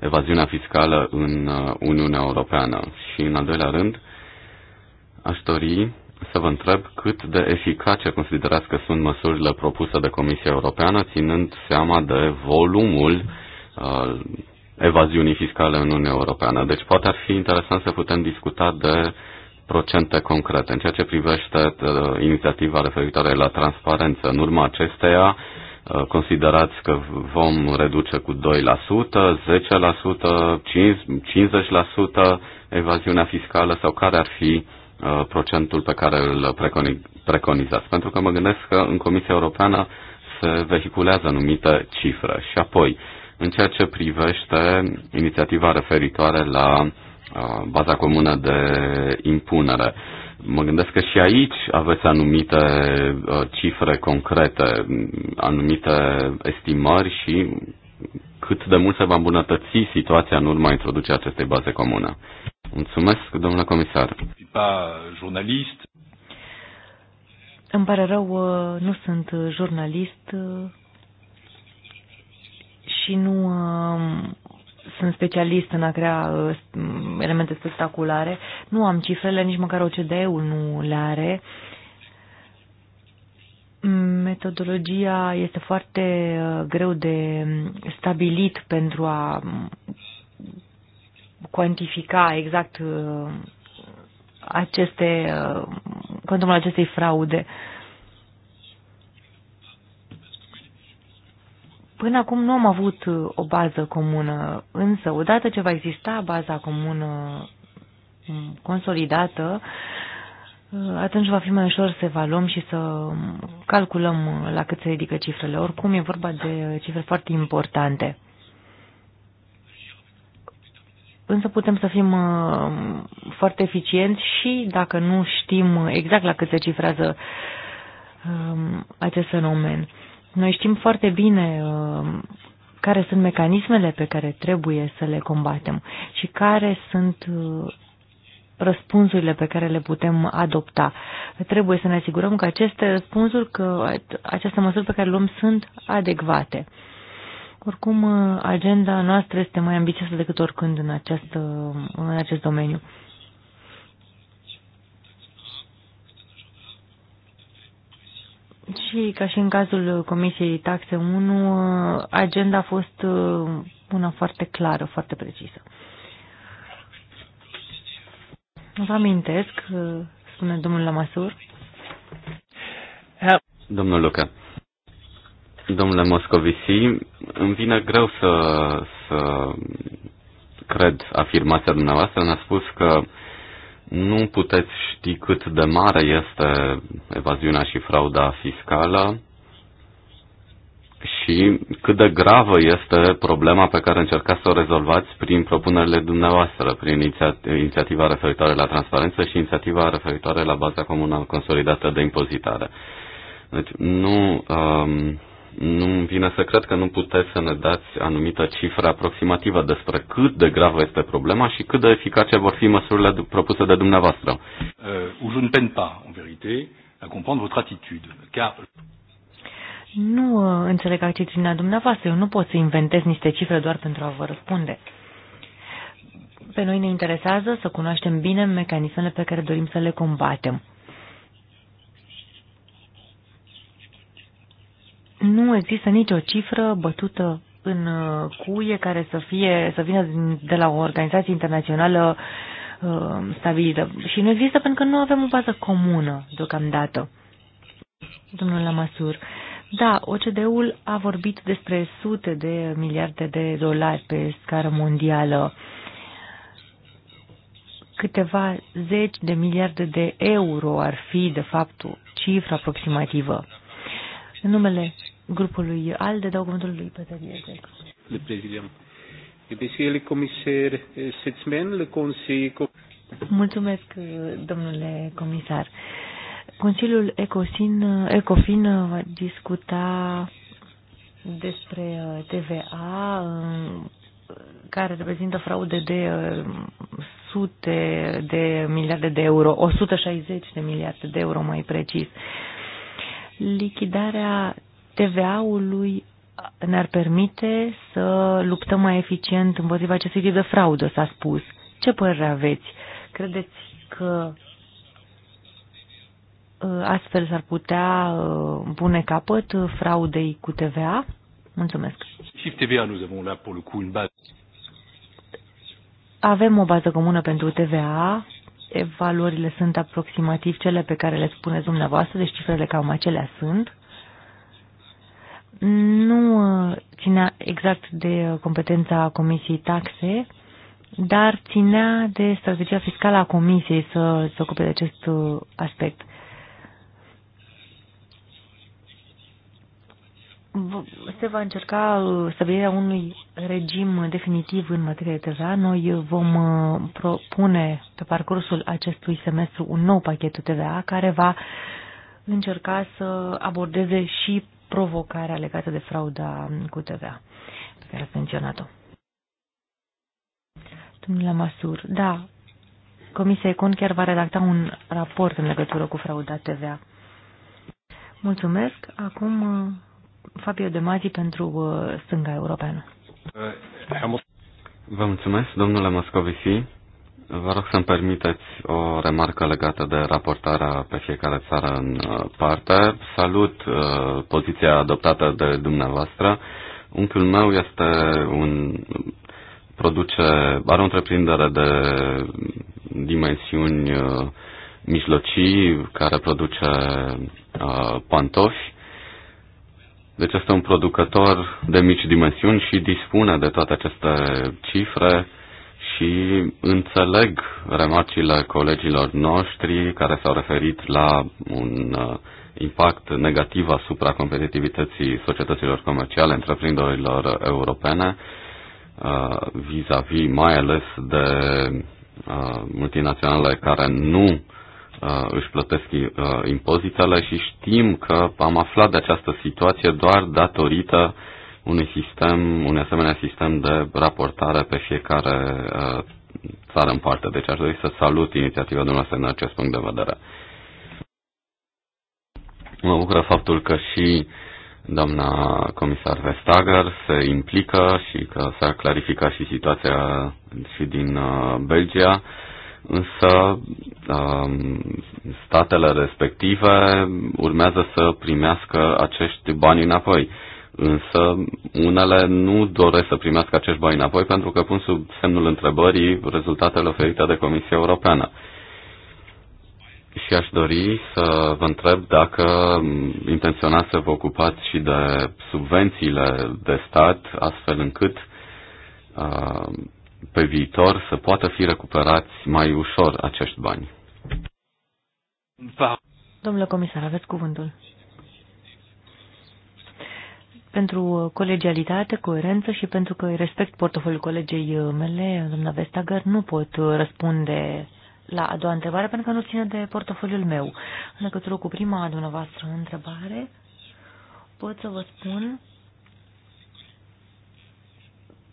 evaziunea fiscală în uh, Uniunea Europeană? Și în al doilea rând, aș dori să vă întreb cât de eficace considerați că sunt măsurile propuse de Comisia Europeană, ținând seama de volumul uh, evaziunii fiscale în Uniunea Europeană. Deci poate ar fi interesant să putem discuta de procente concrete. În ceea ce privește uh, inițiativa referitoare la transparență, în urma acesteia Uh, considerați că vom reduce cu 2%, 10%, 50%, evaziunea fiscală sau care ar fi uh, procentul pe care îl preconizați? Pentru că mă gândesc că în Comisia Europeană se vehiculează anumită cifră. Și apoi, în ceea ce privește inițiativa referitoare la uh, baza comună de impunere, uh, Mă gândesc că și aici aveți anumite uh, cifre concrete, anumite estimări și cât de mult se va îmbunătăți situația în urma introducerii acestei baze comune. Mulțumesc, domnule comisar. jurnalist. Îmi pare rău, uh, nu sunt jurnalist uh, și nu sunt specialist în a crea uh, elemente spectaculare. Nu am cifrele, nici măcar ocd ul nu le are. Metodologia este foarte uh, greu de stabilit pentru a cuantifica exact uh, aceste, contul acestei fraude. Până acum nu am avut uh, o bază comună, însă odată ce va exista baza comună mm, consolidată, uh, atunci va fi mai ușor să evaluăm și să mm, calculăm uh, la cât se ridică cifrele. Oricum, e vorba de cifre foarte importante. Însă putem să fim foarte eficienți și dacă nu știm exact la cât se cifrează um, acest fenomen. Noi știm foarte bine uh, care sunt mecanismele pe care trebuie să le combatem și care sunt uh, răspunsurile pe care le putem adopta. Trebuie să ne asigurăm că aceste răspunsuri, că aceste măsuri pe care le luăm sunt adecvate. Oricum, uh, agenda noastră este mai ambițioasă decât oricând în, acest, în acest domeniu. Și ca și în cazul Comisiei Taxe 1, agenda a fost uh, una foarte clară, foarte precisă. Vă amintesc, uh, spune domnul Lamasur. Domnul Luca, domnule Moscovici, îmi vine greu să, să cred afirmația dumneavoastră. Ne-a spus că nu puteți ști cât de mare este evaziunea și frauda fiscală și cât de gravă este problema pe care încercați să o rezolvați prin propunerile dumneavoastră, prin inițiativa referitoare la transparență și inițiativa referitoare la baza comună consolidată de impozitare. Deci nu um, nu îmi vine să cred că nu puteți să ne dați anumită cifră aproximativă despre cât de gravă este problema și cât de eficace vor fi măsurile propuse de dumneavoastră. Uh, je ne peine pas, en vérité, à comprendre votre attitude, car... Nu uh, înțeleg atitudinea dumneavoastră. Eu nu pot să inventez niște cifre doar pentru a vă răspunde. Pe noi ne interesează să cunoaștem bine mecanismele pe care dorim să le combatem. nu există nicio cifră bătută în uh, cuie care să, fie, să vină de la o organizație internațională uh, stabilită. Și nu există pentru că nu avem o bază comună deocamdată. Domnul Lamasur, da, OCDE-ul a vorbit despre sute de miliarde de dolari pe scară mondială, câteva zeci de miliarde de euro ar fi, de fapt, o cifră aproximativă. În numele grupului ALDE, dau cuvântul lui Peter Iezec. Le prezident. Monsieur eh le commissaire, eh, cette semaine, le Conseil... Mulțumesc, eh, domnule comisar. Consiliul Ecofin, Ecofin va discuta despre TVA, care reprezintă fraude de sute de miliarde de euro, 160 de miliarde de euro mai precis. Lichidarea TVA-ului ne-ar permite să luptăm mai eficient împotriva acestui tip de fraudă, s-a spus. Ce părere aveți? Credeți că uh, astfel s-ar putea uh, pune capăt fraudei cu TVA? Mulțumesc. Și TVA une Avem o bază comună pentru TVA. Valorile sunt aproximativ cele pe care le spuneți dumneavoastră, deci cifrele cam acelea sunt nu uh, ținea exact de uh, competența Comisiei Taxe, dar ținea de strategia fiscală a Comisiei să se ocupe de acest uh, aspect. Se va încerca stabilirea unui regim definitiv în materie de TVA. Noi vom propune pe parcursul acestui semestru un nou pachet TVA care va încerca să abordeze și provocarea legată de frauda cu TVA pe care ați menționat-o. Domnule Masur, da, Comisia Econ chiar va redacta un raport în legătură cu frauda TVA. Mulțumesc. Acum Fabio De Magi pentru uh, Stânga Europeană. Vă mulțumesc, domnule Moscovici. Vă rog să-mi permiteți o remarcă legată de raportarea pe fiecare țară în uh, parte. Salut uh, poziția adoptată de dumneavoastră. Unchiul meu este un produce, are o întreprindere de dimensiuni uh, mijlocii care produce uh, pantofi. Deci este un producător de mici dimensiuni și dispune de toate aceste cifre și înțeleg remarcile colegilor noștri care s-au referit la un uh, impact negativ asupra competitivității societăților comerciale, întreprinderilor europene, uh, vis-a-vis -vis mai ales de uh, multinaționale care nu își plătesc impozitele și știm că am aflat de această situație doar datorită uh, unui sistem, un asemenea sistem de raportare pe fiecare uh, țară în parte. Deci aș dori să salut inițiativa dumneavoastră în acest punct de vedere. Mă bucură faptul că și doamna comisar Vestager se implică și că s-a clarificat și situația și din uh, Belgia, însă um, statele respective urmează să primească acești bani înapoi. Însă unele nu doresc să primească acești bani înapoi pentru că pun sub semnul întrebării rezultatele oferite de Comisia Europeană. Și aș dori să vă întreb dacă intenționați să vă ocupați și de subvențiile de stat, astfel încât pe viitor să poată fi recuperați mai ușor acești bani. Domnule comisar, aveți cuvântul pentru colegialitate, coerență și pentru că respect portofoliul colegei mele, doamna Vestager, nu pot răspunde la a doua întrebare pentru că nu ține de portofoliul meu. În legătură cu prima dumneavoastră întrebare, pot să vă spun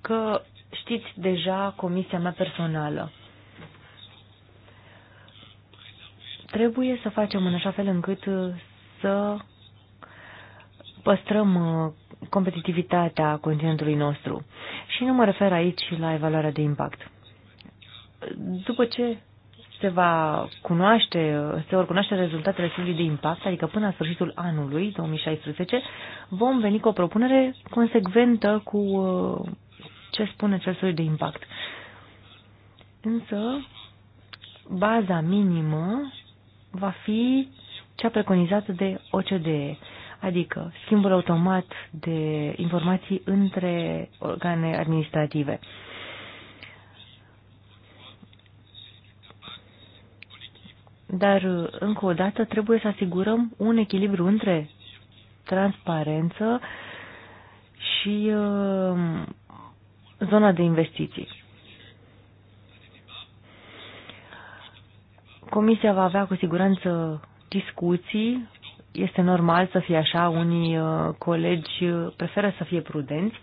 că știți deja comisia mea personală. Trebuie să facem în așa fel încât să păstrăm competitivitatea continentului nostru. Și nu mă refer aici la evaluarea de impact. După ce se va cunoaște, se vor cunoaște rezultatele studiului de impact, adică până la sfârșitul anului 2016, vom veni cu o propunere consecventă cu uh, ce spune cel studiu de impact. Însă, baza minimă va fi cea preconizată de OCDE adică schimbul automat de informații între organe administrative. Dar, încă o dată, trebuie să asigurăm un echilibru între transparență și uh, zona de investiții. Comisia va avea cu siguranță discuții este normal să fie așa, unii uh, colegi uh, preferă să fie prudenți,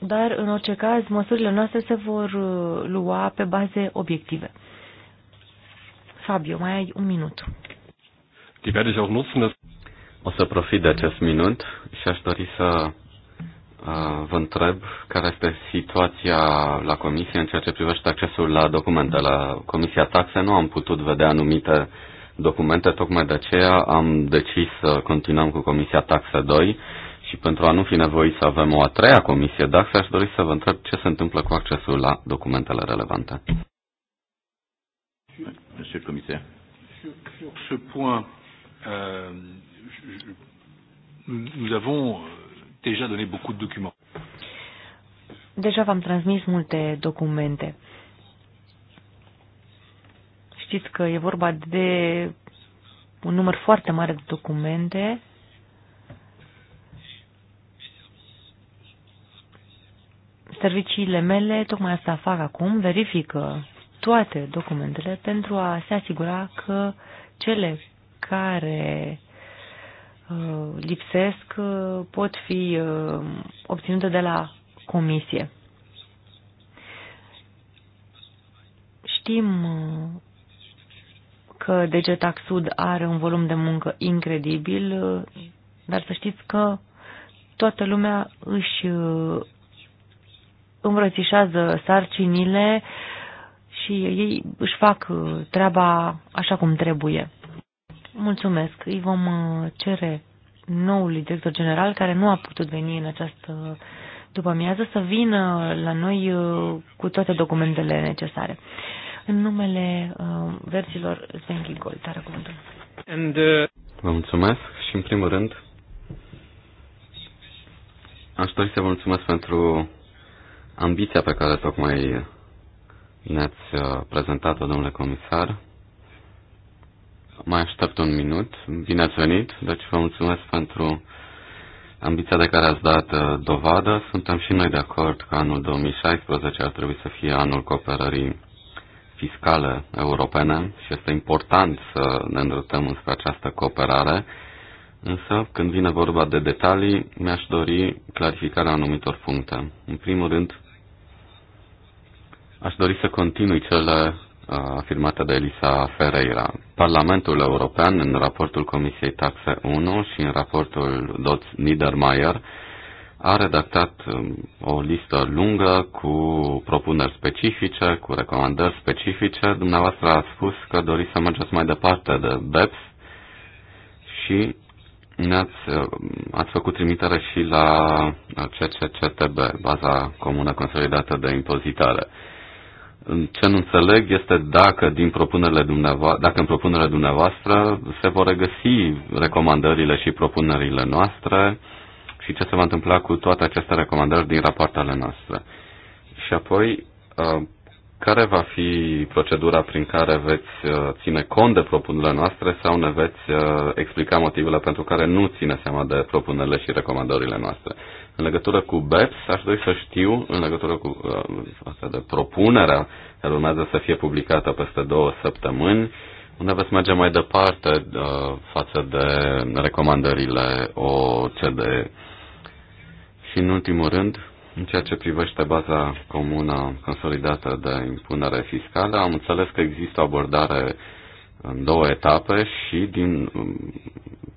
dar în orice caz măsurile noastre se vor uh, lua pe baze obiective. Fabio, mai ai un minut. O să profit de acest minut și aș dori să Uh, vă întreb care este situația la Comisie în ceea ce privește accesul la documente. La Comisia Taxe nu am putut vedea anumite documente, tocmai de aceea am decis să continuăm cu Comisia Taxe 2 și pentru a nu fi nevoit să avem o a treia Comisie Taxe, aș dori să vă întreb ce se întâmplă cu accesul la documentele relevante. Monsieur le Commissaire, sur ce point, euh, nous avons euh, déjà donné beaucoup de documents. Deja v-am transmis multe documente. Știți că e vorba de un număr foarte mare de documente serviciile mele tocmai asta fac acum, verifică toate documentele pentru a se asigura că cele care Uh, lipsesc uh, pot fi uh, obținute de la comisie. Știm că Degetac Sud are un volum de muncă incredibil, dar să știți că toată lumea își îmbrățișează sarcinile și ei își fac treaba așa cum trebuie. Mulțumesc. Îi vom uh, cere noului director general, care nu a putut veni în această după amiază, să vină la noi uh, cu toate documentele necesare. În numele uh, versilor Svenchi Gold, are cuvântul. And, uh... Vă mulțumesc și, în primul rând, aș dori să vă mulțumesc pentru ambiția pe care tocmai ne-ați prezentat-o, domnule comisar, mai aștept un minut. Bine ați venit. Deci vă mulțumesc pentru ambiția de care ați dat uh, dovadă. Suntem și noi de acord că anul 2016 ar trebui să fie anul cooperării fiscale europene și este important să ne îndreptăm spre această cooperare. Însă, când vine vorba de detalii, mi-aș dori clarificarea anumitor puncte. În primul rând, aș dori să continui cele afirmată de Elisa Ferreira. Parlamentul European, în raportul Comisiei Taxe 1 și în raportul Dotz Niedermayer, a redactat um, o listă lungă cu propuneri specifice, cu recomandări specifice. Dumneavoastră a spus că doriți să mergeți mai departe de BEPS și ne-ați, uh, ați făcut trimitere și la uh, CCCTB, baza comună consolidată de impozitare ce nu înțeleg este dacă, din propunerile dumneavoastră, dacă în propunerile dumneavoastră se vor regăsi recomandările și propunerile noastre și ce se va întâmpla cu toate aceste recomandări din rapoartele noastre. Și apoi, uh, care va fi procedura prin care veți uh, ține cont de propunerile noastre sau ne veți uh, explica motivele pentru care nu ține seama de propunerile și recomandările noastre? În legătură cu BEPS, aș dori să știu, în legătură cu uh, asta de propunerea care urmează să fie publicată peste două săptămâni, unde veți merge mai departe uh, față de recomandările OCD. Și în ultimul rând, în ceea ce privește baza comună consolidată de impunere fiscală, am înțeles că există o abordare în două etape și din um,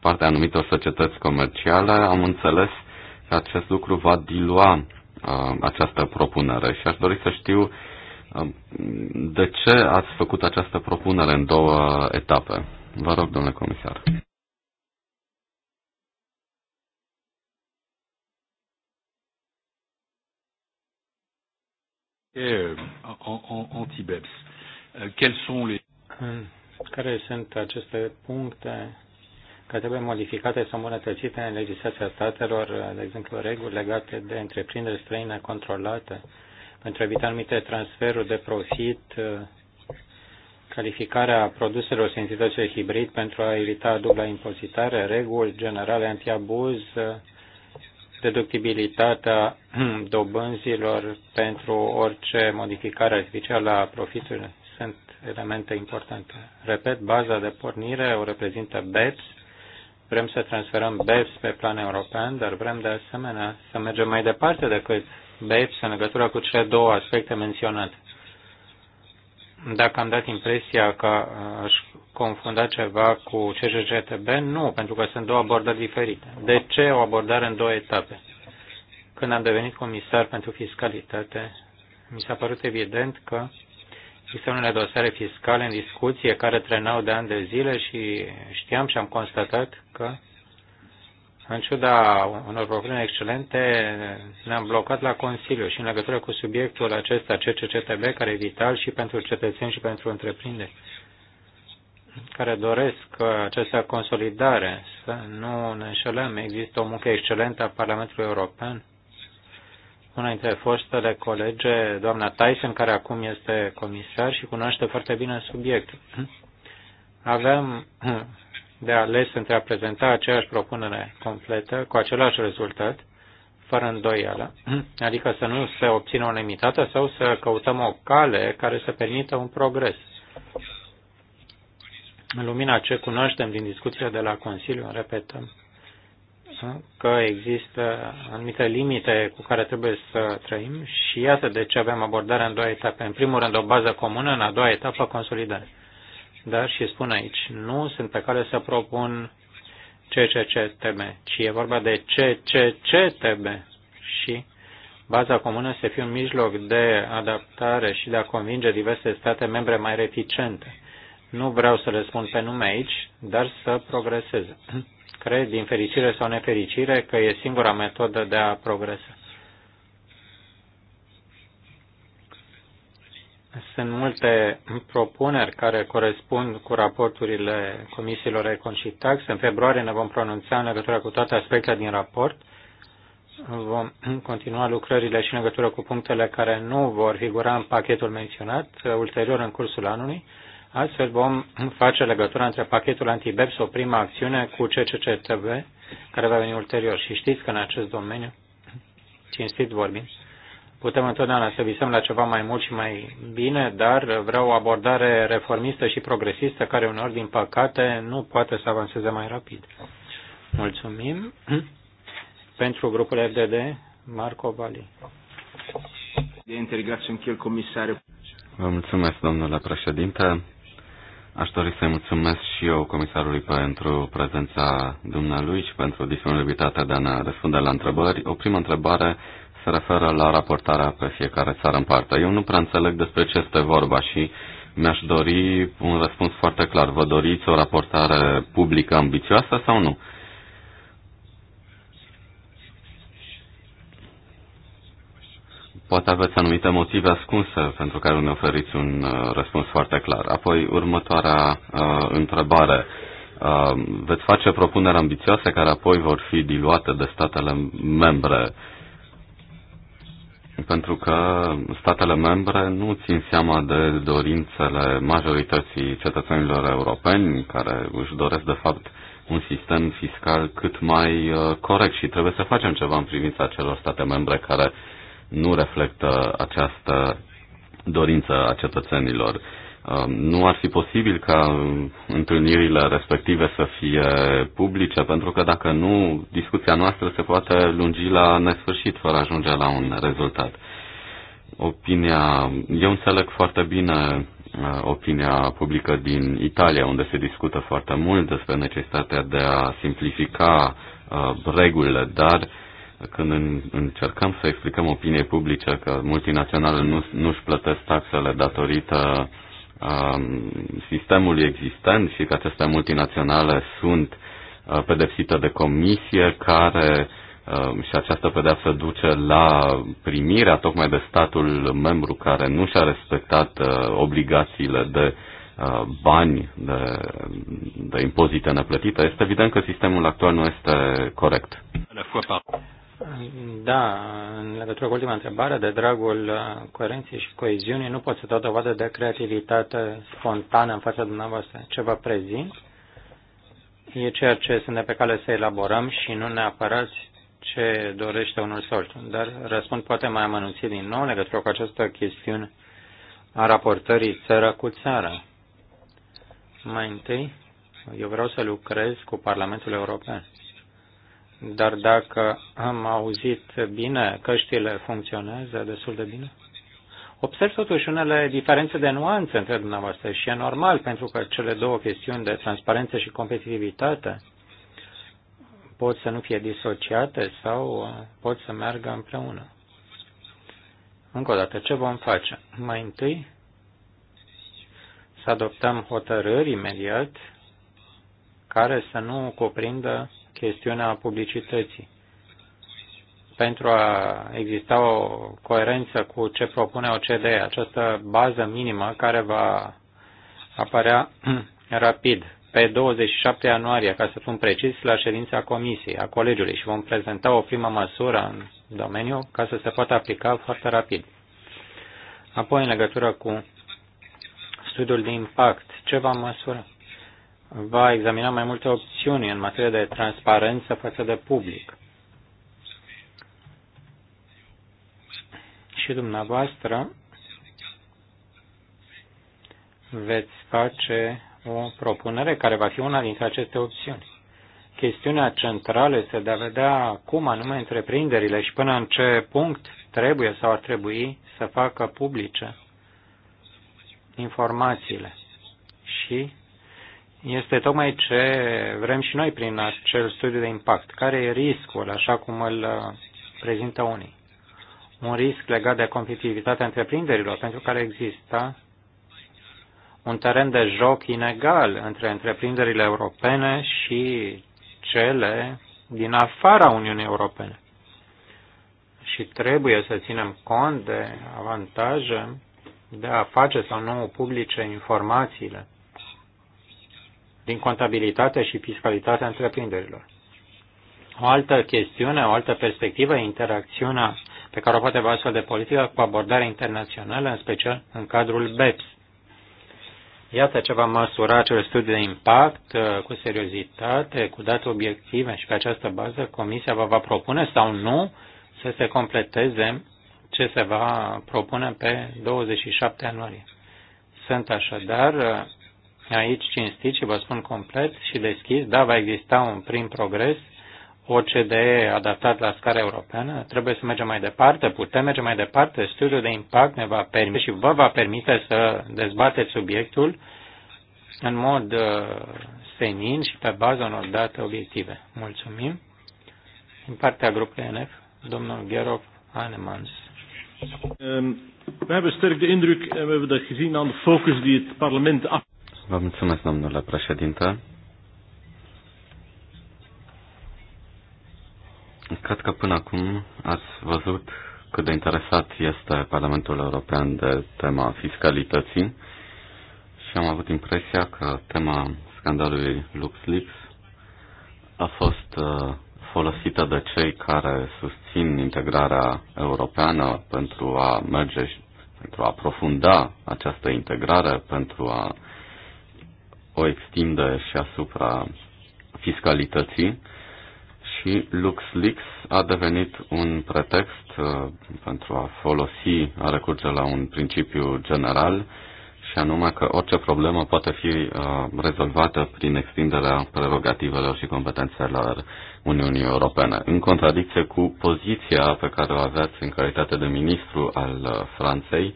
partea anumitor societăți comerciale am înțeles că acest lucru va dilua uh, această propunere și aș dori să știu de ce ați făcut această propunere în două etape. Vă rog, domnule comisar. Care sunt aceste puncte că trebuie modificate sau îmbunătățite în legislația statelor, de exemplu, reguli legate de întreprinderi străine controlate pentru a evita anumite transferuri de profit, calificarea produselor sensibilice hibrid pentru a evita dubla impozitare, reguli generale antiabuz, deductibilitatea [CLEARS THROAT] dobânzilor pentru orice modificare artificială a profituri sunt elemente importante. Repet, baza de pornire o reprezintă BEPS, Vrem să transferăm BEPS pe plan european, dar vrem de asemenea să mergem mai departe decât BEPS în legătură cu cele două aspecte menționate. Dacă am dat impresia că uh, aș confunda ceva cu CGGTB, nu, pentru că sunt două abordări diferite. De ce o abordare în două etape? Când am devenit comisar pentru fiscalitate, mi s-a părut evident că Există unele dosare fiscale în discuție care trenau de ani de zile și știam și am constatat că, în ciuda unor probleme excelente, ne-am blocat la Consiliu și în legătură cu subiectul acesta CCCTB, care e vital și pentru cetățeni și pentru întreprinderi care doresc această consolidare, să nu ne înșelăm, există o muncă excelentă a Parlamentului European una dintre fostele colege, doamna Tyson, care acum este comisar și cunoaște foarte bine subiectul. Avem de ales între a prezenta aceeași propunere completă cu același rezultat, fără îndoială, adică să nu se obțină o limitată sau să căutăm o cale care să permită un progres. În lumina ce cunoaștem din discuția de la Consiliu, repetăm, viață, că există anumite limite cu care trebuie să trăim și iată de ce avem abordarea în două etape. În primul rând o bază comună, în a doua etapă consolidare. Dar și spun aici, nu sunt pe care să propun CCCTB, ci e vorba de CCCTB și baza comună să fie un mijloc de adaptare și de a convinge diverse state membre mai reticente. Nu vreau să le spun pe nume aici, dar să progreseze. Cred, din fericire sau nefericire, că e singura metodă de a progresa. Sunt multe propuneri care corespund cu raporturile comisiilor Econ și Tax. În februarie ne vom pronunța în legătură cu toate aspectele din raport. Vom continua lucrările și în legătură cu punctele care nu vor figura în pachetul menționat ulterior în cursul anului. Astfel vom face legătura între pachetul antibeps, o prima acțiune, cu CCCTV, care va veni ulterior. Și știți că în acest domeniu, cinstit vorbim, putem întotdeauna să visăm la ceva mai mult și mai bine, dar vreau o abordare reformistă și progresistă, care uneori, din păcate, nu poate să avanseze mai rapid. Mulțumim. Pentru grupul FDD, Marco Vali. de integrație în chel commissario. Vă mulțumesc, domnule președinte. Aș dori să-i mulțumesc și eu comisarului pentru prezența dumnealui și pentru disponibilitatea de a ne răspunde la întrebări. O primă întrebare se referă la raportarea pe fiecare țară în parte. Eu nu prea înțeleg despre ce este vorba și mi-aș dori un răspuns foarte clar. Vă doriți o raportare publică ambițioasă sau nu? Poate aveți anumite motive ascunse pentru care ne oferiți un uh, răspuns foarte clar. Apoi, următoarea uh, întrebare. Uh, veți face propuneri ambițioase care apoi vor fi diluate de statele membre. Pentru că statele membre nu țin seama de dorințele majorității cetățenilor europeni care își doresc de fapt un sistem fiscal cât mai uh, corect și trebuie să facem ceva în privința celor state membre care uh, nu reflectă această dorință a cetățenilor. Um, nu ar fi posibil ca întâlnirile respective să fie publice, pentru că dacă nu, discuția noastră se poate lungi la nesfârșit fără a ajunge la un rezultat. Opinia, eu înțeleg foarte bine uh, opinia publică din Italia, unde se discută foarte mult despre necesitatea de a simplifica uh, regulile, dar uh, când încercăm să explicăm opiniei publice că multinaționale nu, nu-și plătesc taxele datorită um, sistemului existent și că aceste multinaționale sunt uh, pedepsite de comisie care um, și această pedeapsă duce la primirea tocmai de statul membru care nu și-a respectat uh, obligațiile de uh, bani, de, de impozite neplătite, este evident că sistemul actual nu este corect. Da, în legătură cu ultima întrebare, de dragul uh, coerenței și coeziunii, nu pot să dau dovadă de creativitate spontană în fața dumneavoastră. Ce vă prezint e ceea ce suntem pe cale să elaborăm și nu neapărat ce dorește unul sau altul. Dar răspund poate mai amănunțit din nou în legătură cu această chestiune a raportării țară cu țară. Mai întâi, eu vreau să lucrez cu Parlamentul European dar dacă am auzit bine, căștile funcționează destul de bine? Observ totuși unele diferențe de nuanță între dumneavoastră și e normal pentru că cele două chestiuni de transparență și competitivitate pot să nu fie disociate sau pot să meargă împreună. Încă o dată, ce vom face? Mai întâi să adoptăm hotărâri imediat care să nu cuprindă chestiunea publicității. Pentru a exista o coerență cu ce propune OCDE, această bază minimă care va apărea [CLEARS THROAT] rapid pe 27 ianuarie, ca să fim precis, la ședința comisiei, a colegiului și vom prezenta o primă măsură în domeniu ca să se poată aplica foarte rapid. Apoi, în legătură cu studiul de impact, ce va măsura? va examina mai multe opțiuni în materie de transparență față de public. Și dumneavoastră veți face o propunere care va fi una dintre aceste opțiuni. Chestiunea centrală este de a vedea cum anume întreprinderile și până în ce punct trebuie sau ar trebui să facă publice informațiile și este tocmai ce vrem și noi prin acel studiu de impact. Care e riscul, așa cum îl uh, prezintă unii? Un risc legat de competitivitatea întreprinderilor, pentru care există un teren de joc inegal între întreprinderile europene și cele din afara Uniunii Europene. Și trebuie să ținem cont de avantaje de a face sau nu publice informațiile din contabilitatea și fiscalitatea întreprinderilor. O altă chestiune, o altă perspectivă, interacțiunea pe care o poate avea astfel de politică cu abordarea internațională, în special în cadrul BEPS. Iată ce va măsura acel studiu de impact uh, cu seriozitate, cu date obiective și pe această bază Comisia vă va propune sau nu să se completeze ce se va propune pe 27 ianuarie. Sunt așadar uh, aici cinstit și vă spun complet și deschis, da, va exista un prim progres, OCDE adaptat la scară europeană, trebuie să mergem mai departe, putem merge mai departe, studiul de impact ne va permite și vă va permite să dezbateți subiectul în mod uh, senin și pe baza unor date obiective. Mulțumim. Din partea grupului NF, domnul Gerov Anemans. Ehm, we hebben sterk de indruk, en we hebben dat gezien aan de focus die het parlement af. Vă mulțumesc, domnule președinte. Cred că până acum ați văzut cât de interesat este Parlamentul European de tema fiscalității și am avut impresia că tema scandalului LuxLeaks a fost uh, folosită de cei care susțin integrarea europeană pentru a merge pentru a profunda această integrare, pentru a o extindă și asupra fiscalității și LuxLeaks a devenit un pretext uh, pentru a folosi, a recurge la un principiu general și anume că orice problemă poate fi uh, rezolvată prin extinderea prerogativelor și competențelor Uniunii Europene, în contradicție cu poziția pe care o aveați în calitate de ministru al uh, Franței,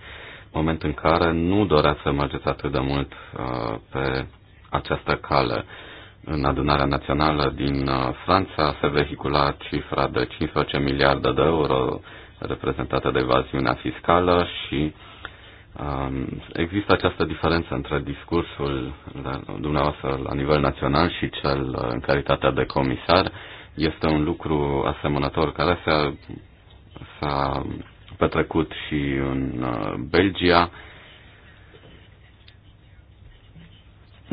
moment în care nu doreați să mergeți atât de mult uh, pe această cale. În adunarea națională din uh, Franța se vehicula cifra de 15 miliarde de euro reprezentată de evaziunea fiscală și um, există această diferență între discursul dumneavoastră la nivel național și cel uh, în calitatea de comisar. Este un lucru asemănător care s-a, s-a petrecut și în uh, Belgia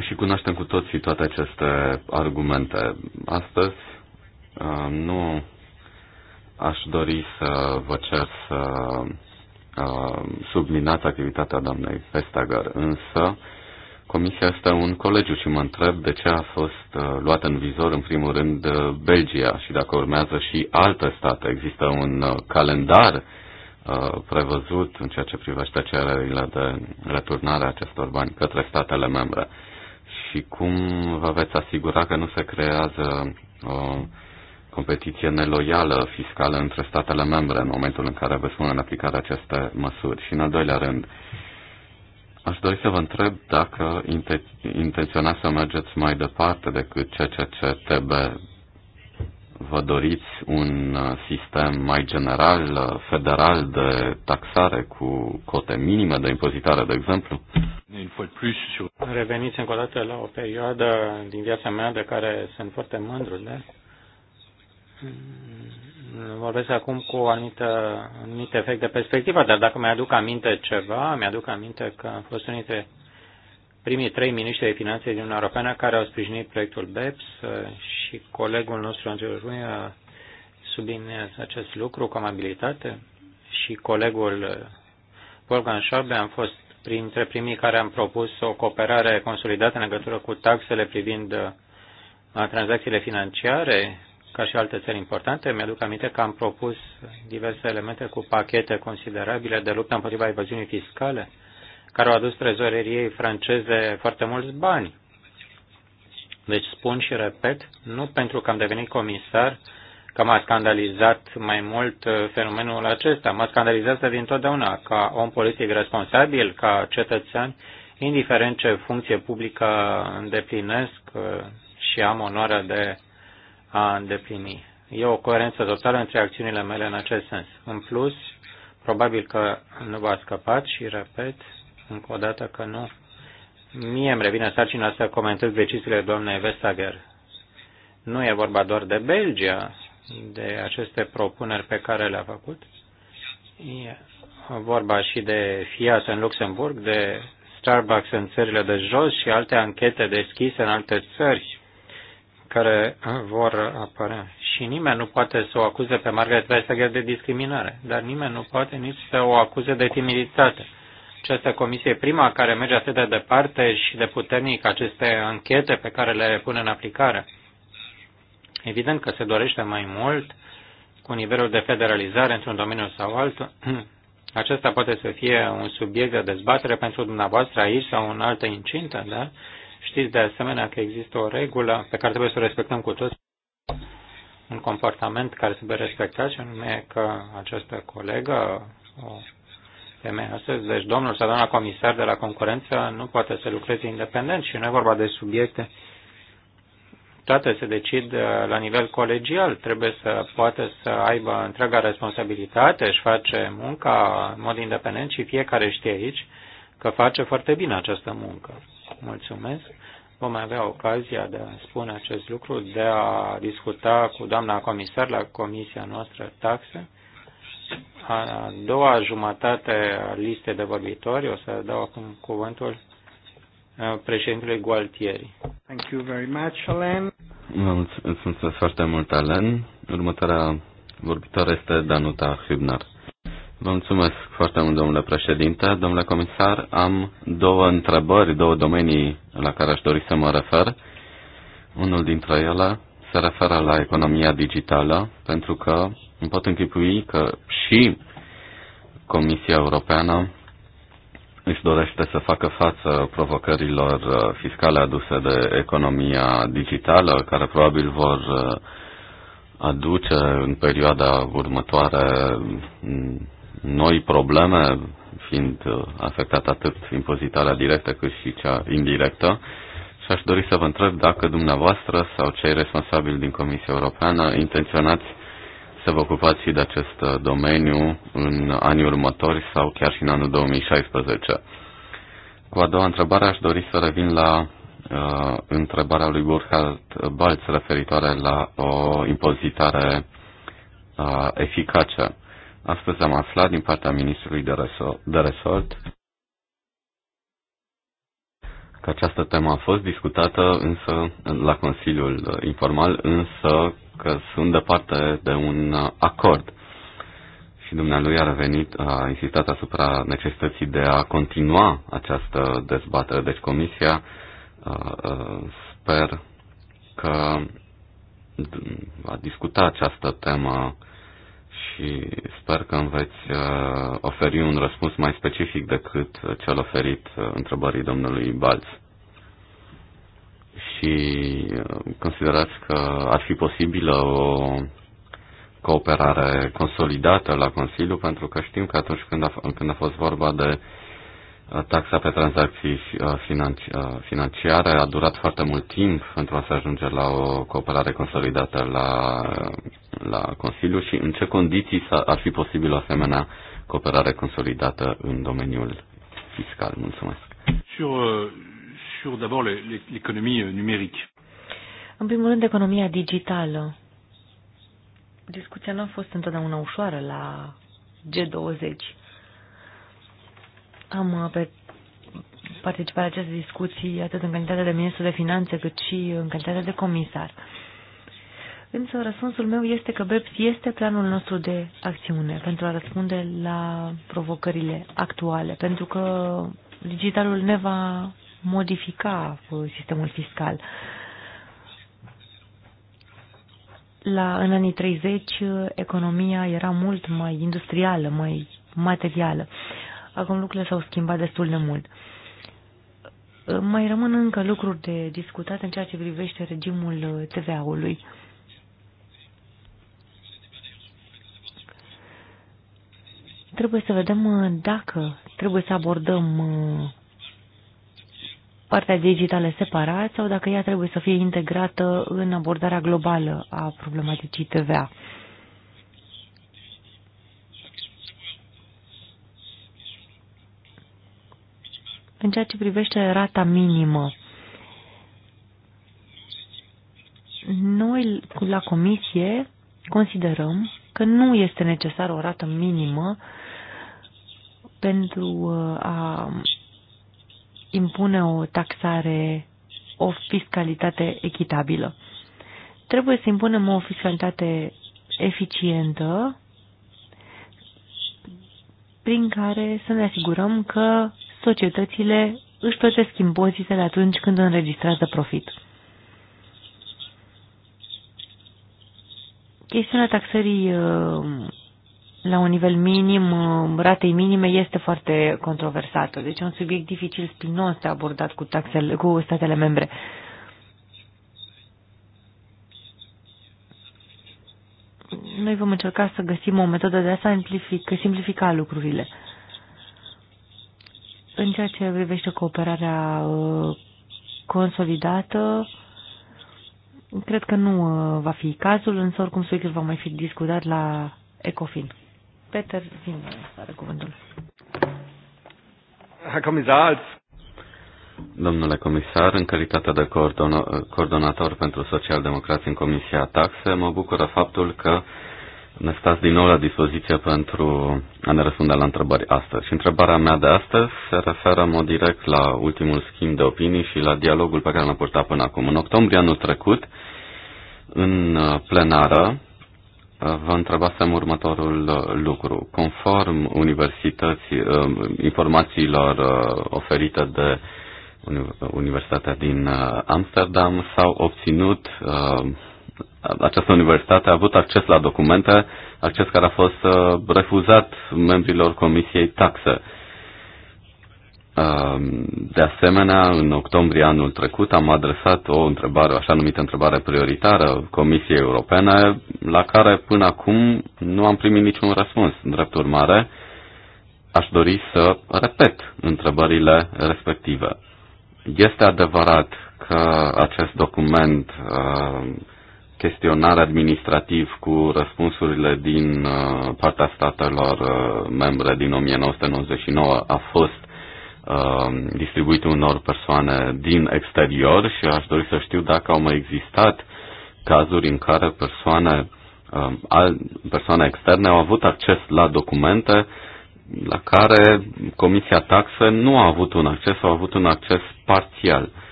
și cunoaștem cu toții toate aceste argumente. Astăzi uh, nu aș dori să vă cer să uh, subminați activitatea doamnei Vestager, însă Comisia este un colegiu și mă întreb de ce a fost uh, luată în vizor în primul rând Belgia și dacă urmează și alte state. Există un calendar prevăzut în ceea ce privește cererile de returnare a acestor bani către statele membre și cum vă veți asigura că nu se creează o uh, competiție neloială fiscală între statele membre în momentul în care veți pune în aplicare aceste măsuri? Și în al doilea rând, aș dori să vă întreb dacă intenționați să mergeți mai departe decât CCCTB. Vă doriți un uh, sistem mai general, uh, federal de taxare cu cote minime de impozitare, de exemplu? Reveniți încă o dată la o perioadă din viața mea de care sunt foarte mândru de. Mm, vorbesc acum cu anumite, anumite efect de perspectivă, dar dacă mi-aduc aminte ceva, mi-aduc aminte că am fost unul dintre primii trei miniștri de finanțe din Uniunea Europeană care au sprijinit proiectul BEPS uh, și colegul nostru, Angel Rui, a subliniat acest lucru cu amabilitate și colegul uh, Wolfgang Schaube am fost printre primii care am propus o cooperare consolidată în legătură cu taxele privind uh, tranzacțiile financiare, ca și alte țări importante. Mi-aduc aminte că am propus diverse elemente cu pachete considerabile de luptă împotriva evaziunii fiscale, care au adus trezoreriei franceze foarte mulți bani. Deci spun și repet, nu pentru că am devenit comisar, că m-a scandalizat mai mult uh, fenomenul acesta. M-a scandalizat să din totdeauna ca om politic responsabil, ca cetățean, indiferent ce funcție publică îndeplinesc uh, și am onoarea de a îndeplini. E o coerență totală între acțiunile mele în acest sens. În plus, probabil că nu v-a scăpat și repet încă o dată că nu. Mie îmi revine sarcina să comentez deciziile doamnei Vestager. Nu e vorba doar de Belgia, de aceste propuneri pe care le-a făcut. E vorba și de Fiat în Luxemburg, de Starbucks în țările de jos și alte anchete deschise în alte țări care vor apărea. Și nimeni nu poate să o acuze pe Margaret Vestager de discriminare, dar nimeni nu poate nici să o acuze de timiditate. Această comisie prima care merge atât de departe și de puternic aceste anchete pe care le pune în aplicare. Evident că se dorește mai mult cu nivelul de federalizare într-un domeniu sau altul. [CLEARS THROAT] Acesta poate să fie un subiect de dezbatere pentru dumneavoastră aici sau în altă incintă, da? Știți de asemenea că există o regulă pe care trebuie să o respectăm cu toți, un comportament care trebuie respectat și anume că această colegă, o femeie astăzi, deci domnul sau doamna comisar de la concurență nu poate să lucreze independent și nu e vorba de subiecte toate se decid uh, la nivel colegial. Trebuie să poată să aibă întreaga responsabilitate, își face munca în mod independent și fiecare știe aici că face foarte bine această muncă. Mulțumesc. Vom avea ocazia de a spune acest lucru, de a discuta cu doamna comisar la comisia noastră taxe. A doua jumătate a listei de vorbitori, o să dau acum cuvântul Președintele Gualtieri. Thank you very much, Alan. Vă mulțumesc foarte mult, Alan. Următoarea vorbitoare este Danuta Hübner. Vă mulțumesc foarte mult, domnule președinte. Domnule comisar, am două întrebări, două domenii la care aș dori să mă refer. Unul dintre ele se referă la economia digitală, pentru că îmi pot închipui că și Comisia Europeană își dorește să facă față provocărilor uh, fiscale aduse de economia digitală, care probabil vor uh, aduce în perioada următoare mm, noi probleme, fiind uh, afectată atât impozitarea directă cât și cea indirectă. Și aș dori să vă întreb dacă dumneavoastră sau cei responsabili din Comisia Europeană intenționați să vă ocupați și de acest uh, domeniu în anii următori sau chiar și în anul 2016. Cu a doua întrebare aș dori să revin la uh, întrebarea lui Burkhard Balț referitoare la o impozitare uh, eficace. Astăzi am aflat din partea ministrului de, resort, de resort că această temă a fost discutată însă la Consiliul Informal, însă că sunt departe de un acord. Și dumnealui a revenit, a insistat asupra necesității de a continua această dezbatere. Deci comisia sper că va discuta această temă și sper că îmi veți oferi un răspuns mai specific decât cel oferit întrebării domnului Balț și uh, considerați că ar fi posibilă o cooperare consolidată la Consiliu, pentru că știm că atunci când a, când a fost vorba de uh, taxa pe tranzacții uh, financiare a durat foarte mult timp pentru a se ajunge la o cooperare consolidată la, la Consiliu și în ce condiții ar fi posibil o asemenea cooperare consolidată în domeniul fiscal. Mulțumesc. Sur, sur d'abord l'économie euh, numérique. În primul rând, economia digitală. Discuția nu a fost întotdeauna ușoară la G20. Am uh, pe participat la aceste discuții atât în calitate de ministru de finanțe cât și în calitate de comisar. Însă răspunsul meu este că BEPS este planul nostru de acțiune pentru a răspunde la provocările actuale, pentru că digitalul ne va modifica uh, sistemul fiscal. La, în anii 30, uh, economia era mult mai industrială, mai materială. Acum lucrurile s-au schimbat destul de mult. Uh, mai rămân încă lucruri de discutat în ceea ce privește regimul TVA-ului. Trebuie să vedem dacă trebuie să abordăm partea digitală separat sau dacă ea trebuie să fie integrată în abordarea globală a problematicii TVA. În ceea ce privește rata minimă, noi la comisie considerăm că nu este necesară o rată minimă pentru uh, a impune o taxare, o fiscalitate echitabilă. Trebuie să impunem o fiscalitate eficientă prin care să ne asigurăm că societățile își plătesc impozitele atunci când înregistrează profit. Chestiunea taxării uh, la un nivel minim, um, ratei minime, este foarte controversată. Deci e un subiect dificil, spinos de abordat cu, taxele, cu statele membre. Noi vom încerca să găsim o metodă de a simplifica, simplifica lucrurile. În ceea ce privește cooperarea uh, consolidată, cred că nu uh, va fi cazul, însă oricum subiectul va mai fi discutat la ECOFIN. Peter Zimmer are cuvântul. Comisar, Domnule comisar, în calitate de coordonator pentru Socialdemocrații în Comisia Taxe, mă bucură faptul că ne stați din nou la dispoziție pentru a ne răspunde la întrebări astăzi. Și întrebarea mea de astăzi se referă în mod direct la ultimul schimb de opinii și la dialogul pe care l-am purtat până acum. În octombrie anul trecut, în plenară, vă întrebasem următorul uh, lucru. Conform universității, uh, informațiilor uh, oferite de Universitatea din Amsterdam, s-au obținut această universitate a avut acces la documente, acces care a fost refuzat membrilor Comisiei Taxe. De asemenea, în octombrie anul trecut am adresat o întrebare, așa numită întrebare prioritară Comisiei Europene, la care până acum nu am primit niciun răspuns. în Drept urmare, aș dori să repet întrebările respective. Este adevărat că acest document, uh, chestionar administrativ cu răspunsurile din uh, partea statelor uh, membre din 1999 a fost Um, distribuite unor persoane din exterior și aș dori să știu dacă au mai existat cazuri în care persoane, uh, al, persoane externe au avut acces la documente la care Comisia Taxe nu a avut un acces sau a avut un acces parțial. Uh,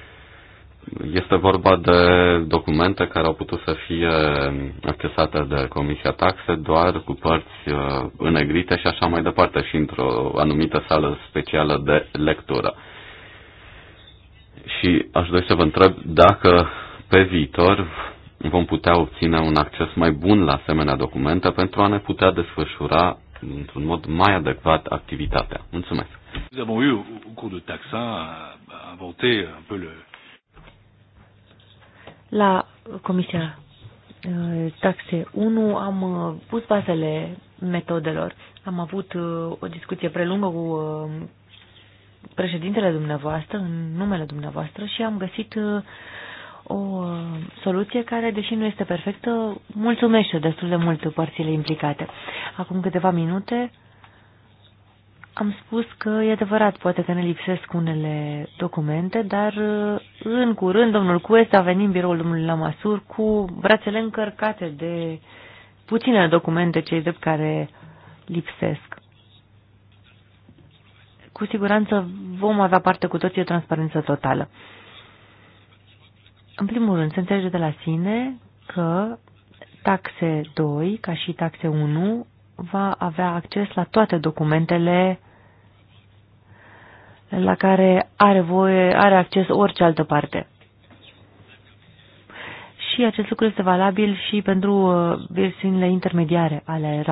este vorba de documente care au putut să fie accesate de Comisia Taxe doar cu părți uh, înegrite și așa mai departe și într-o anumită sală specială de lectură. Și aș dori să vă întreb dacă pe viitor vom putea obține un acces mai bun la asemenea documente pentru a ne putea desfășura într-un mod mai adecvat activitatea. Mulțumesc. Nous avons eu, au cours de taxa, inventé un peu le, la Comisia uh, Taxe 1 am uh, pus bazele metodelor. Am avut uh, o discuție prelungă cu președintele dumneavoastră, în numele dumneavoastră și am găsit o soluție care, deși nu este perfectă, mulțumește destul de mult părțile implicate. Acum câteva minute am spus că e adevărat, poate că ne lipsesc unele documente, dar uh, în curând domnul Cuest a venit în biroul domnului Lamasur cu brațele încărcate de puține documente cei drept care lipsesc. Cu siguranță vom avea parte cu toții de transparență totală. În primul rând, se înțelege de la sine că taxe 2, ca și taxe 1, va avea acces la toate documentele la care are, voie, are acces orice altă parte. Și acest lucru este valabil și pentru uh, versiunile intermediare ale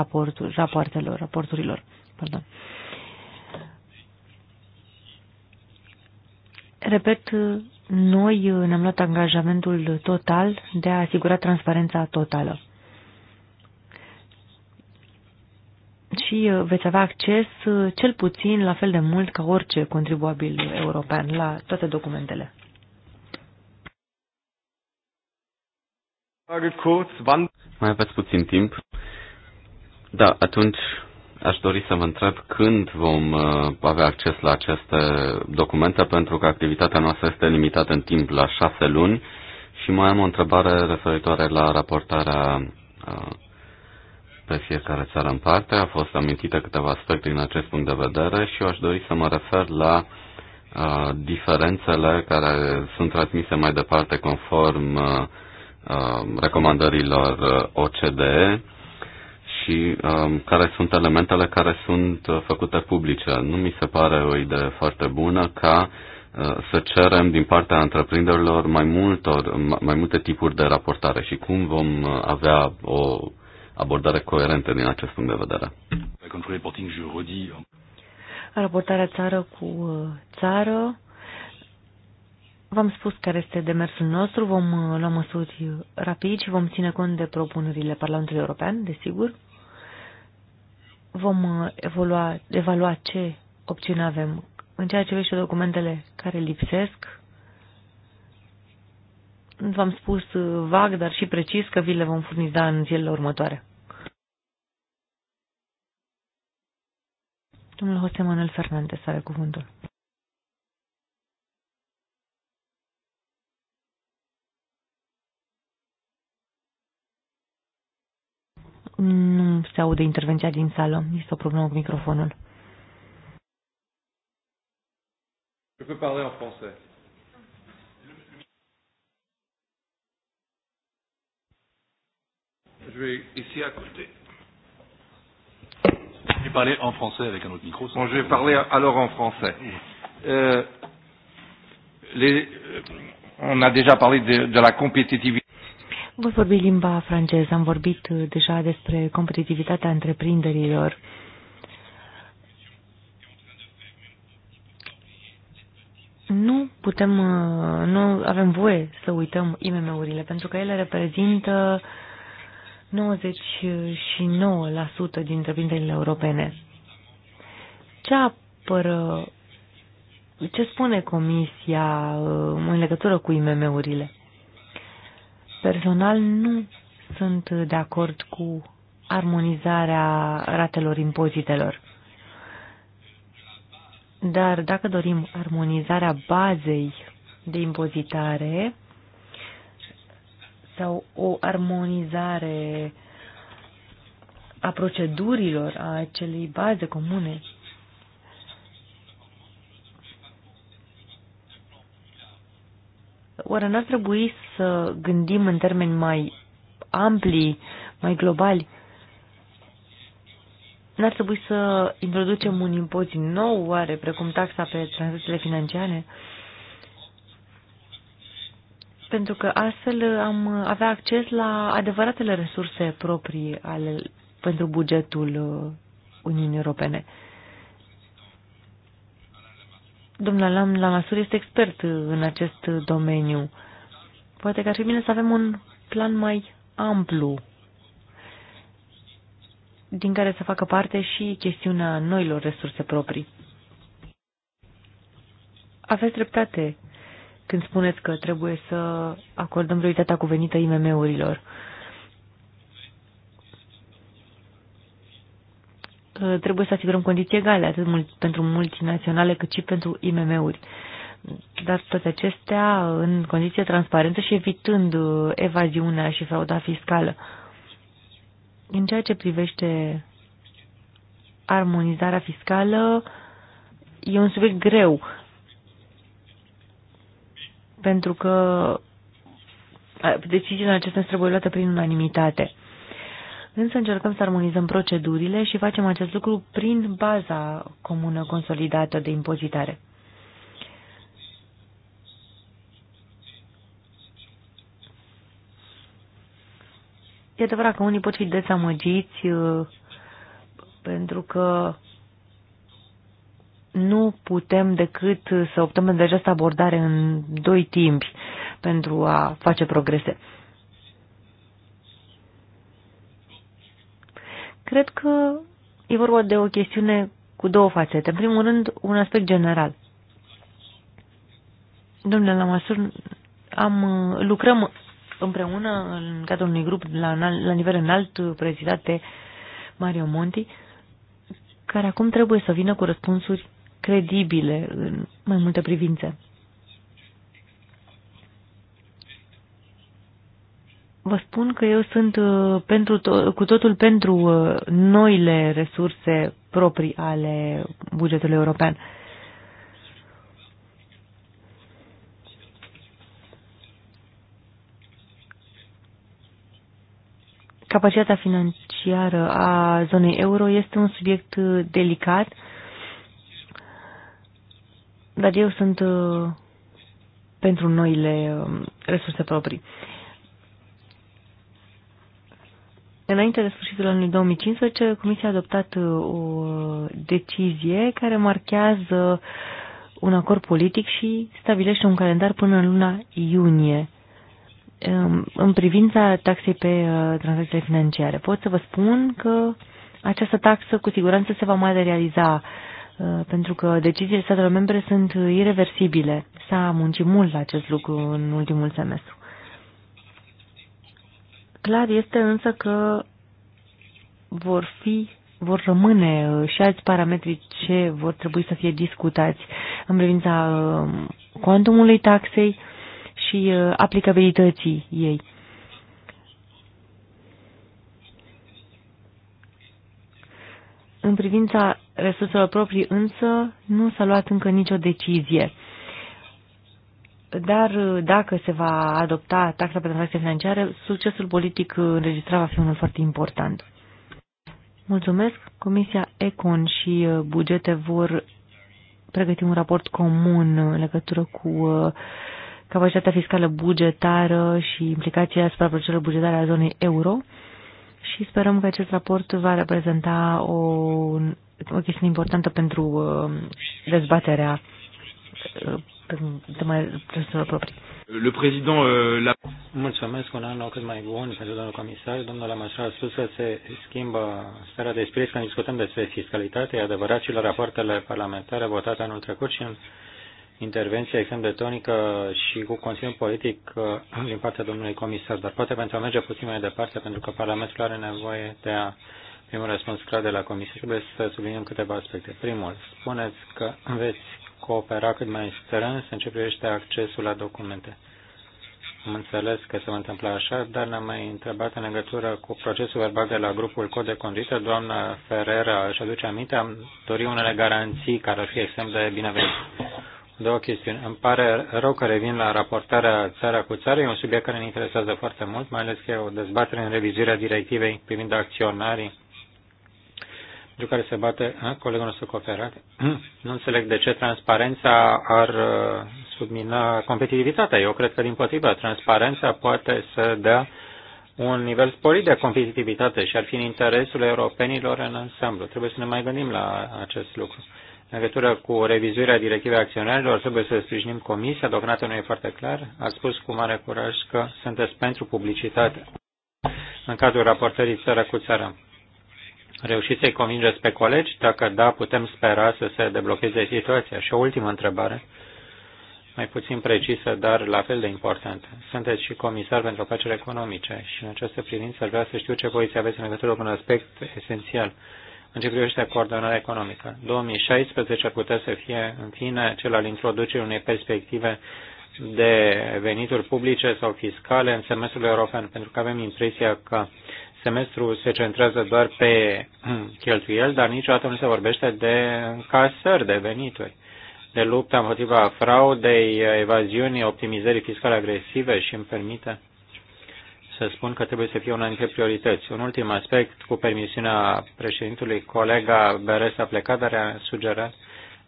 raportelor, raporturilor. Pardon. Repet, noi ne-am luat angajamentul total de a asigura transparența totală. și uh, veți avea acces uh, cel puțin la fel de mult ca orice contribuabil european la toate documentele. Mai aveți puțin timp? Da, atunci aș dori să vă întreb când vom uh, avea acces la aceste documente, pentru că activitatea noastră este limitată în timp la șase luni și mai am o întrebare referitoare la raportarea pe fiecare țară în parte. A fost amintită câteva aspecte din acest punct de vedere și eu aș dori să mă refer la uh, diferențele care sunt transmise mai departe conform uh, uh recomandărilor uh, OCDE și uh, care sunt elementele care sunt uh, făcute publice. Nu mi se pare o idee foarte bună ca uh, să cerem din partea întreprinderilor mai, multor, mai multe tipuri de raportare și cum vom avea o abordare coerentă din acest punct de vedere. Raportarea țară cu uh, țară. V-am spus care este demersul nostru, vom uh, lua măsuri rapid și vom ține cont de propunerile Parlamentului European, desigur. Vom uh, evolua, evalua ce opțiune avem. În ceea ce vește documentele care lipsesc, V-am spus uh, vag, dar și precis că vi le vom furniza în zilele următoare. Domnul José Manuel Fernandez are cuvântul. Nu se aude intervenția din sală. Este o problemă cu microfonul. Je peux parler en français. Je vais ici à côté. Je vais parler en français avec un autre micro. Bon, je vais parler alors en français. Euh, les, euh, on a déjà parlé de, de la compétitivité. Voi vorbi limba franceză. Am vorbit uh, deja despre competitivitatea întreprinderilor. Nu putem, uh, nu avem voie să uităm IMM-urile, pentru că ele reprezintă uh, 99% din întreprinderile europene. Ce apără, ce spune Comisia uh, în legătură cu IMM-urile? Personal nu sunt de acord cu armonizarea ratelor impozitelor. Dar dacă dorim armonizarea bazei de impozitare, sau o armonizare a procedurilor, a acelei baze comune. Oare n-ar trebui să gândim în termeni mai ampli, mai globali? N-ar trebui să introducem un impozit nou, oare, precum taxa pe tranzacțiile financiare? Uh, pentru că astfel uh, am avea acces la adevăratele resurse proprii ale, pentru bugetul uh, Uniunii Europene. Domnul Lam Lamasur este expert uh, în acest domeniu. Poate că ar fi bine să avem un plan mai amplu din care să facă parte și chestiunea noilor resurse proprii. Aveți dreptate, când spuneți că trebuie să acordăm prioritatea cuvenită IMM-urilor. Uh, trebuie să asigurăm condiții egale, atât pentru multinaționale cât și pentru IMM-uri. Dar toate acestea în condiții transparentă și evitând uh, evaziunea și frauda fiscală. În ceea ce privește armonizarea fiscală, e un subiect greu pentru că deciziile acestea trebuie luate prin unanimitate. Însă încercăm să armonizăm procedurile și facem acest lucru prin baza comună consolidată de impozitare. E adevărat că unii pot fi dezamăgiți uh, pentru că nu putem decât să optăm de această abordare în doi timpi pentru a face progrese. Cred că e vorba de o chestiune cu două fațete. În primul rând, un aspect general. Domnule Lamasur, am, lucrăm împreună în cadrul unui grup la, la nivel înalt prezidat de Mario Monti, care acum trebuie să vină cu răspunsuri credibile în mai multe privințe. Vă spun că eu sunt uh, pentru to- cu totul pentru uh, noile resurse proprii ale bugetului european. Capacitatea financiară a zonei euro este un subiect uh, delicat uh, dar eu sunt uh, pentru noile um, resurse proprii. Înainte de sfârșitul anului 2015, Comisia a adoptat uh, o decizie care marchează un acord politic și stabilește un calendar până în luna iunie um, în privința taxei pe uh, tranzacțiile financiare. Pot să vă spun că această taxă cu siguranță se va materializa Uh, pentru că deciziile statelor membre sunt irreversibile. S-a muncit mult la acest lucru în ultimul semestru. Clar este însă că vor fi vor rămâne uh, și alți parametri ce vor trebui să fie discutați în privința uh, cuantumului taxei și aplicabilității ei. În privința resurselor proprii însă nu s-a luat încă nicio decizie. Dar uh, dacă se va adopta taxa pe tranzacție financiare, succesul politic uh, înregistrat va fi unul foarte important. Mulțumesc. Comisia Econ și uh, bugete vor pregăti un raport comun în legătură cu capacitatea fiscală bugetară și implicația asupra proceselor bugetare a zonei euro și sperăm că acest raport va reprezenta o, o chestie importantă pentru uh, dezbaterea uh, mai resurselor proprii. Le président uh, la... Mulțumesc un an cât mai bun pentru domnul comisar. Domnul Lamașa a spus că se schimbă starea de spirit când discutăm despre fiscalitate. E adevărat și la rapoartele parlamentare votate anul trecut și în intervenție extrem de tonică și cu conținut politic uh, din partea domnului comisar, dar poate pentru a merge puțin mai departe, pentru că Parlamentul are nevoie de a primul răspuns clar de la comisie. Trebuie să subliniem câteva aspecte. Primul, spuneți că veți coopera cât mai strâns în ce privește accesul la documente. Am înțeles că se va întâmpla așa, dar ne-am mai întrebat în legătură cu procesul verbal de la grupul Cod de Conduită. Doamna Ferrera își aduce aminte, am dorit unele garanții care ar fi extrem de binevenite două chestiuni. Îmi pare rău că revin la raportarea țara cu țară. E un subiect care ne interesează foarte mult, mai ales că e o dezbatere în revizuirea directivei privind acționarii pentru care se bate a, colegul nostru Coferat. [CLEARS THROAT] nu înțeleg de ce transparența ar uh, submina competitivitatea. Eu cred că, din potrivă, transparența poate să dea un nivel sporit de competitivitate și ar fi în interesul europenilor în ansamblu. Trebuie să ne mai gândim la acest lucru. În legătură cu revizuirea directivei acționarilor, trebuie să sprijinim comisia, deocamdată nu e foarte clar. Ați spus cu mare curaj că sunteți pentru publicitate în cadrul raportării țară cu țară. Reușiți să-i convingeți pe colegi? Dacă da, putem spera să se deblocheze situația. Și o ultimă întrebare, mai puțin precisă, dar la fel de importantă. Sunteți și comisar pentru afaceri economice și în această privință vreau să știu ce poziție aveți în legătură cu un aspect esențial în ce privește coordonarea economică. 2016 ar putea să fie, în fine, cel al introducerii unei perspective de venituri publice sau fiscale în semestrul european, pentru că avem impresia că semestrul se centrează doar pe [CLEARS THROAT] cheltuieli, dar niciodată nu se vorbește de încasări de venituri, de lupta împotriva fraudei, evaziunii, optimizării fiscale agresive și îmi permite să spun că trebuie să fie una dintre priorități. Un ultim aspect, cu permisiunea președintului, colega Beres a plecat, dar a sugerat,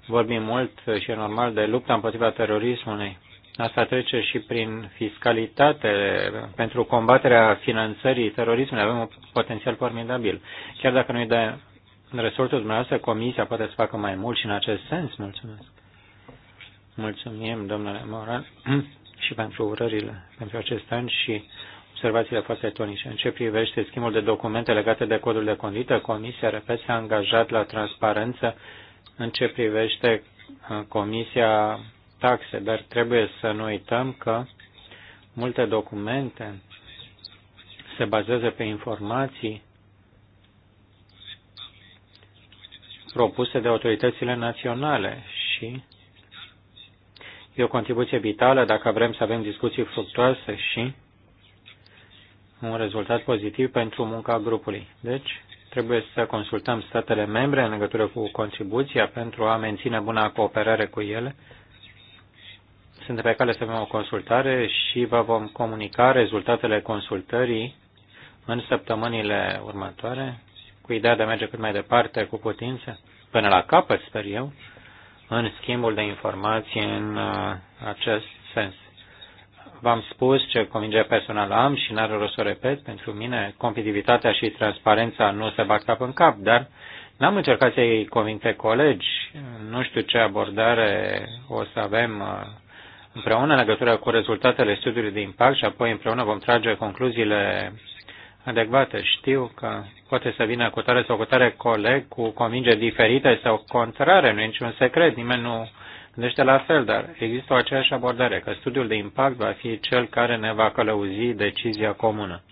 vorbim mult și e normal de lupta împotriva terorismului. Asta trece și prin fiscalitate pentru combaterea finanțării terorismului. Avem un potențial formidabil. Chiar dacă nu-i de resortul dumneavoastră, comisia poate să facă mai mult și în acest sens. Mulțumesc. Mulțumim, domnule Moran, [CLEARS THROAT] și pentru urările pentru acest an și observațiile fost etonice. În ce privește schimbul de documente legate de codul de conduită, Comisia, repet, s-a angajat la transparență în ce privește uh, Comisia taxe, dar trebuie să nu uităm că multe documente se bazează pe informații propuse de autoritățile naționale și e o contribuție vitală dacă vrem să avem discuții fructoase și un rezultat pozitiv pentru munca grupului. Deci, trebuie să consultăm statele membre în legătură cu contribuția pentru a menține buna cooperare cu ele. Suntem pe cale să avem o consultare și vă vom comunica rezultatele consultării în săptămânile următoare, cu ideea de a merge cât mai departe cu putință, până la capăt, sper eu, în schimbul de informații în uh, acest sens. V-am spus ce convingere personală am și n-are rost să o repet. Pentru mine, competitivitatea și transparența nu se bat cap în cap, dar n-am încercat să-i conving pe colegi. Nu știu ce abordare o să avem uh, împreună în legătură cu rezultatele studiului de impact și apoi împreună vom trage concluziile adecvate. Știu că poate să vină cu tare sau cu tare coleg cu convingeri diferite sau contrare, nu e niciun secret, nimeni nu gândește la fel, dar există o aceeași abordare, că studiul de impact va fi cel care ne va călăuzi decizia comună.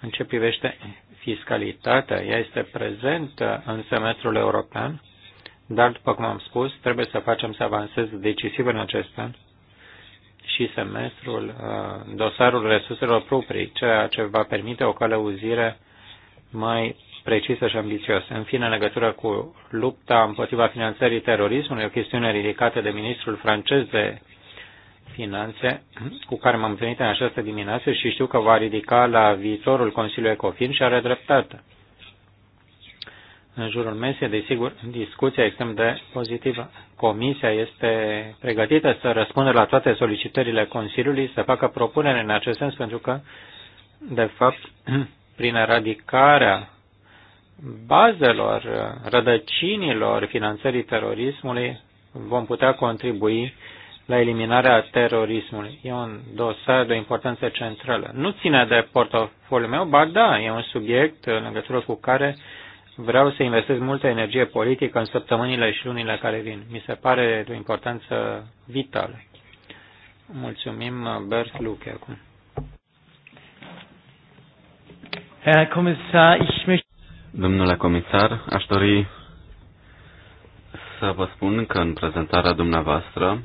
În ce privește fiscalitatea, ea este prezentă în semestrul european, dar, după cum am spus, trebuie să facem să avanseze decisiv în acest an și semestrul, uh, dosarul resurselor proprii, ceea ce va permite o călăuzire mai precisă și ambițioasă. În fine, în legătură cu lupta împotriva finanțării terorismului, o chestiune ridicată de ministrul francez de finanțe cu care m-am întâlnit în această dimineață și știu că va ridica la viitorul Consiliu Ecofin și are dreptate. În jurul mesei, desigur, discuția extrem de pozitivă. Comisia este pregătită să răspundă la toate solicitările Consiliului, să facă propunere în acest sens, pentru că, de fapt, [CLEARS THROAT] prin eradicarea bazelor, rădăcinilor finanțării terorismului vom putea contribui la eliminarea terorismului. E un dosar de importanță centrală. Nu ține de portofoliul meu, ba da, e un subiect în legătură cu care vreau să investesc multă energie politică în săptămânile și lunile care vin. Mi se pare de o importanță vitală. Mulțumim, Bert Luke, acum. Herr Kommissar, ich möchte Domnule comisar, aș dori să vă spun că în prezentarea dumneavoastră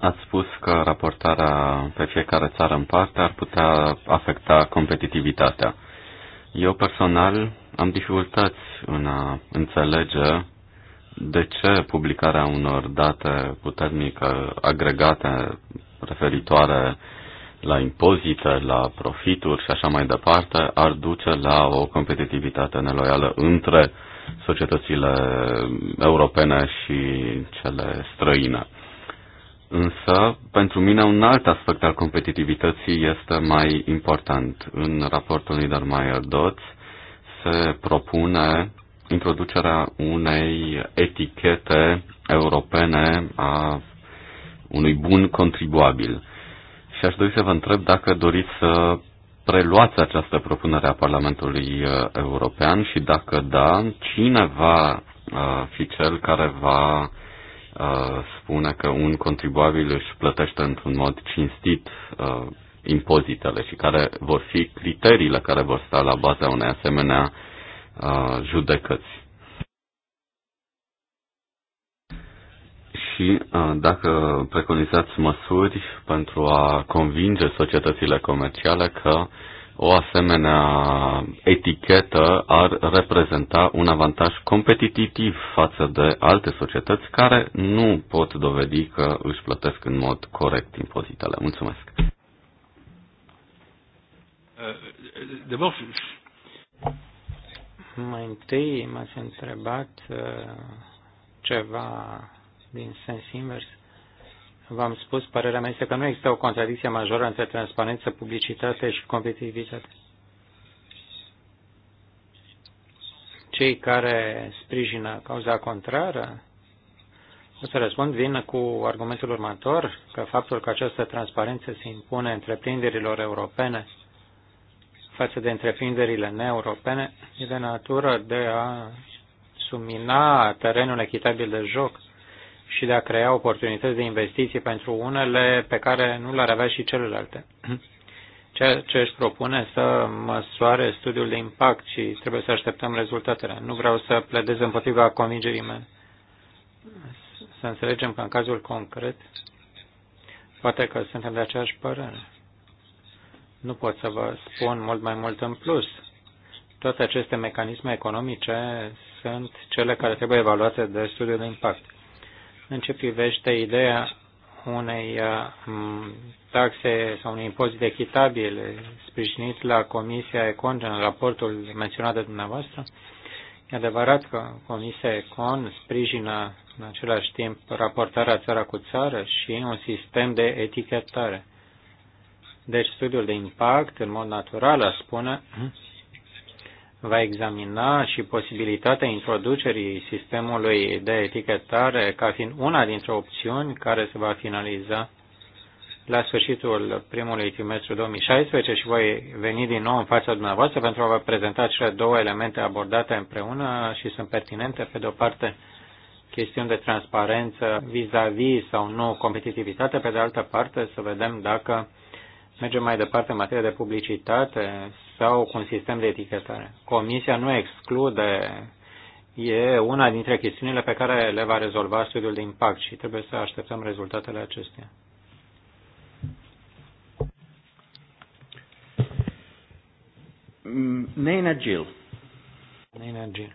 ați spus că raportarea pe fiecare țară în parte ar putea afecta competitivitatea. Eu personal am dificultăți în a înțelege de ce publicarea unor date puternic agregate referitoare la impozite, la profituri și așa mai departe, ar duce la o competitivitate neloială între societățile europene și cele străine. Însă, pentru mine, un alt aspect al competitivității este mai important. În raportul Niedermayer Dots se propune introducerea unei etichete europene a unui bun contribuabil și aș dori să vă întreb dacă doriți să preluați această propunere a Parlamentului uh, European și dacă da, cine va uh, fi cel care va uh, spune că un contribuabil își plătește într-un mod cinstit impozitele și care vor fi criteriile care vor sta la baza unei asemenea judecăți. și dacă preconizați măsuri pentru a convinge societățile comerciale că o asemenea etichetă ar reprezenta un avantaj competitiv față de alte societăți care nu pot dovedi că își plătesc în mod corect impozitele. Mulțumesc. Uh, Mai întâi m-ați întrebat uh, ceva din sens invers. V-am spus, părerea mea este că nu există o contradicție majoră între transparență, publicitate și competitivitate. Cei care sprijină cauza contrară, o să răspund, vin cu argumentul următor, că faptul că această transparență se impune întreprinderilor europene față de întreprinderile neeuropene e de natură de a sumina terenul echitabil de joc și de a crea oportunități de investiții pentru unele pe care nu le-ar avea și celelalte. [CLEARS THROAT] Ceea ce își propune să măsoare studiul de impact și trebuie să așteptăm rezultatele. Nu vreau să pledez împotriva convingerii mele. Să înțelegem că în cazul concret, poate că suntem de aceeași părere. Nu pot să vă spun mult mai mult în plus. Toate aceste mecanisme economice sunt cele care trebuie evaluate de studiul de impact în ce privește ideea unei uh, taxe sau un impozit echitabil sprijinit la Comisia Econ în raportul menționat de dumneavoastră, e adevărat că Comisia Econ sprijină în același timp raportarea țara cu țară și un sistem de etichetare. Deci studiul de impact, în mod natural, a spune, va examina și posibilitatea introducerii sistemului de etichetare ca fiind una dintre opțiuni care se va finaliza la sfârșitul primului trimestru 2016 și voi veni din nou în fața dumneavoastră pentru a vă prezenta cele două elemente abordate împreună și sunt pertinente, pe de o parte, chestiuni de transparență vis-a-vis -vis sau nu competitivitate, pe de altă parte, să vedem dacă mergem mai departe în materie de publicitate sau cu un sistem de etichetare. Comisia nu exclude, e una dintre chestiunile pe care le va rezolva studiul de impact și trebuie să așteptăm rezultatele acestea. Mm, Nina Gil. Nina Gil.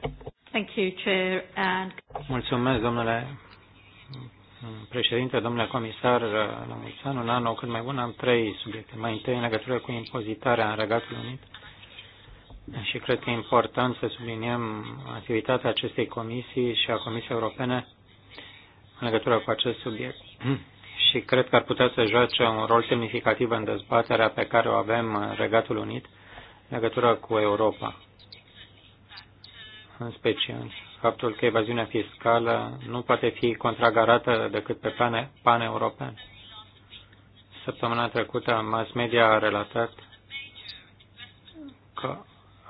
Thank you, Chair. And... Mulțumesc, domnule președinte, domnule comisar, la mulți ani, un an, o cât mai bun, am trei subiecte. Mai întâi, în legătură cu impozitarea în Regatul Unit. Și cred că e important să subliniem activitatea acestei comisii și a Comisiei Europene în legătură cu acest subiect. [CLEARS THROAT] Și cred că ar putea să joace un rol semnificativ în dezbaterea pe care o avem în Regatul Unit în legătură cu Europa. În special faptul că evaziunea fiscală nu poate fi contragarată decât pe plan pan-european. Săptămâna trecută, mass media a relatat că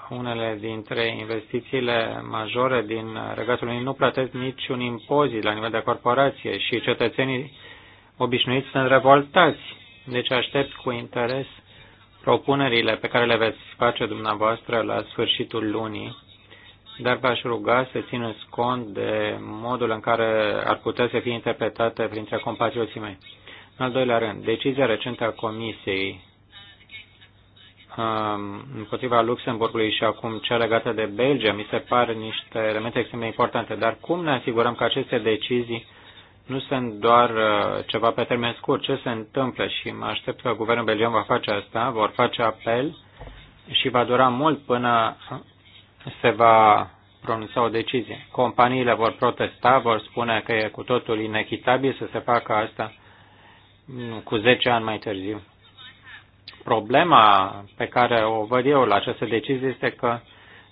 unele dintre investițiile majore din Regatul Unit nu plătesc niciun impozit la nivel de corporație și cetățenii obișnuiți sunt revoltați. Deci aștept cu interes propunerile pe care le veți face dumneavoastră la sfârșitul lunii dar v-aș ruga să țineți cont de modul în care ar putea să fie interpretate printre compatrioții mei. În al doilea rând, decizia recentă a Comisiei um, împotriva Luxemburgului și acum cea legată de Belgia, mi se par niște elemente extrem de importante. Dar cum ne asigurăm că aceste decizii nu sunt doar uh, ceva pe termen scurt? Ce se întâmplă? Și mă aștept că guvernul belgian va face asta, vor face apel și va dura mult până se va pronunța o decizie. Companiile vor protesta, vor spune că e cu totul inechitabil să se facă asta cu 10 ani mai târziu. Problema pe care o văd eu la această decizie este că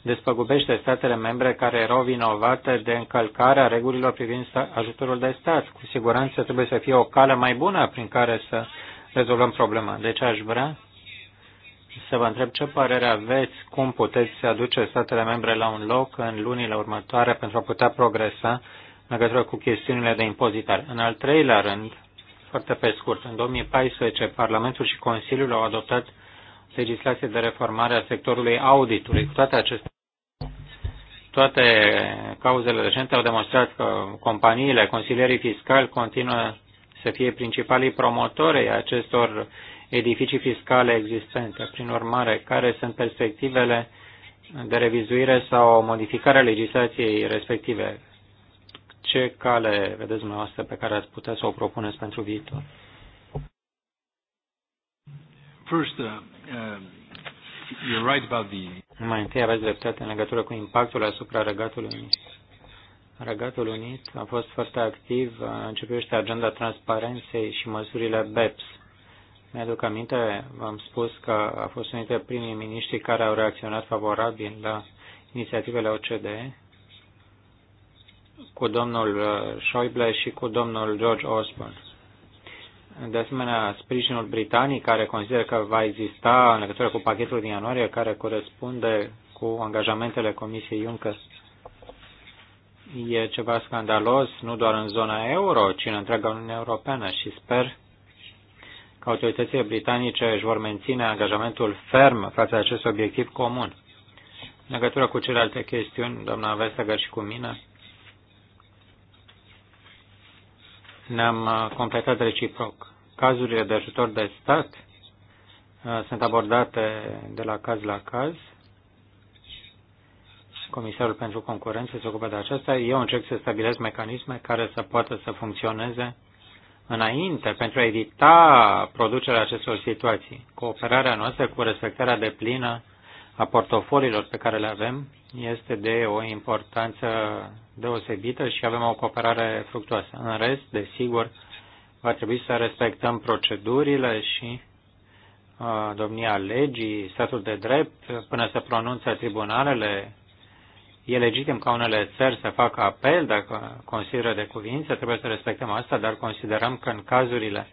despăgubește statele membre care erau vinovate de încălcarea regulilor privind ajutorul de stat. Cu siguranță trebuie să fie o cale mai bună prin care să rezolvăm problema. Deci aș vrea să vă întreb ce părere aveți, cum puteți aduce statele membre la un loc în lunile următoare pentru a putea progresa în legătură cu chestiunile de impozitare. În al treilea rând, foarte pe scurt, în 2014 Parlamentul și Consiliul au adoptat legislație de reformare a sectorului auditului. Cu toate acestea, toate cauzele recente au demonstrat că companiile, consilierii fiscali continuă să fie principalii promotori acestor edificii fiscale existente. Prin urmare, care sunt perspectivele de revizuire sau modificare a legislației respective? Ce cale vedeți dumneavoastră pe care ați putea să o propuneți pentru viitor? First, uh, um, you're right about the... Mai întâi aveți dreptate în legătură cu impactul asupra regatului unit. Regatul Unit a fost foarte activ uh, în ce privește agenda transparenței și măsurile BEPS. Mi-aduc aminte, v-am spus că a fost unul dintre primii miniștri care au reacționat favorabil la inițiativele OCDE cu domnul uh, Schäuble și cu domnul George Osborne. De asemenea, sprijinul britanic care consideră că va exista în legătură cu pachetul din ianuarie care corespunde cu angajamentele Comisiei Juncker e ceva scandalos, nu doar în zona euro, ci în întreaga Uniune Europeană și sper că autoritățile britanice își vor menține angajamentul ferm față de acest obiectiv comun. În legătură cu celelalte chestiuni, doamna Vestager și cu mine, ne-am uh, completat reciproc. Cazurile de ajutor de stat uh, sunt abordate de la caz la caz. Comisarul pentru concurență se ocupă de aceasta. Eu încerc să stabilesc mecanisme care să poată să funcționeze înainte pentru a evita producerea acestor situații. Cooperarea noastră cu respectarea de plină a portofoliilor pe care le avem este de o importanță deosebită și avem o cooperare fructuoasă. În rest, desigur, va trebui să respectăm procedurile și uh, domnia legii, statul de drept, până se pronunță tribunalele, E legitim ca unele țări să facă apel dacă consideră de cuvință, trebuie să respectăm asta, dar considerăm că în cazurile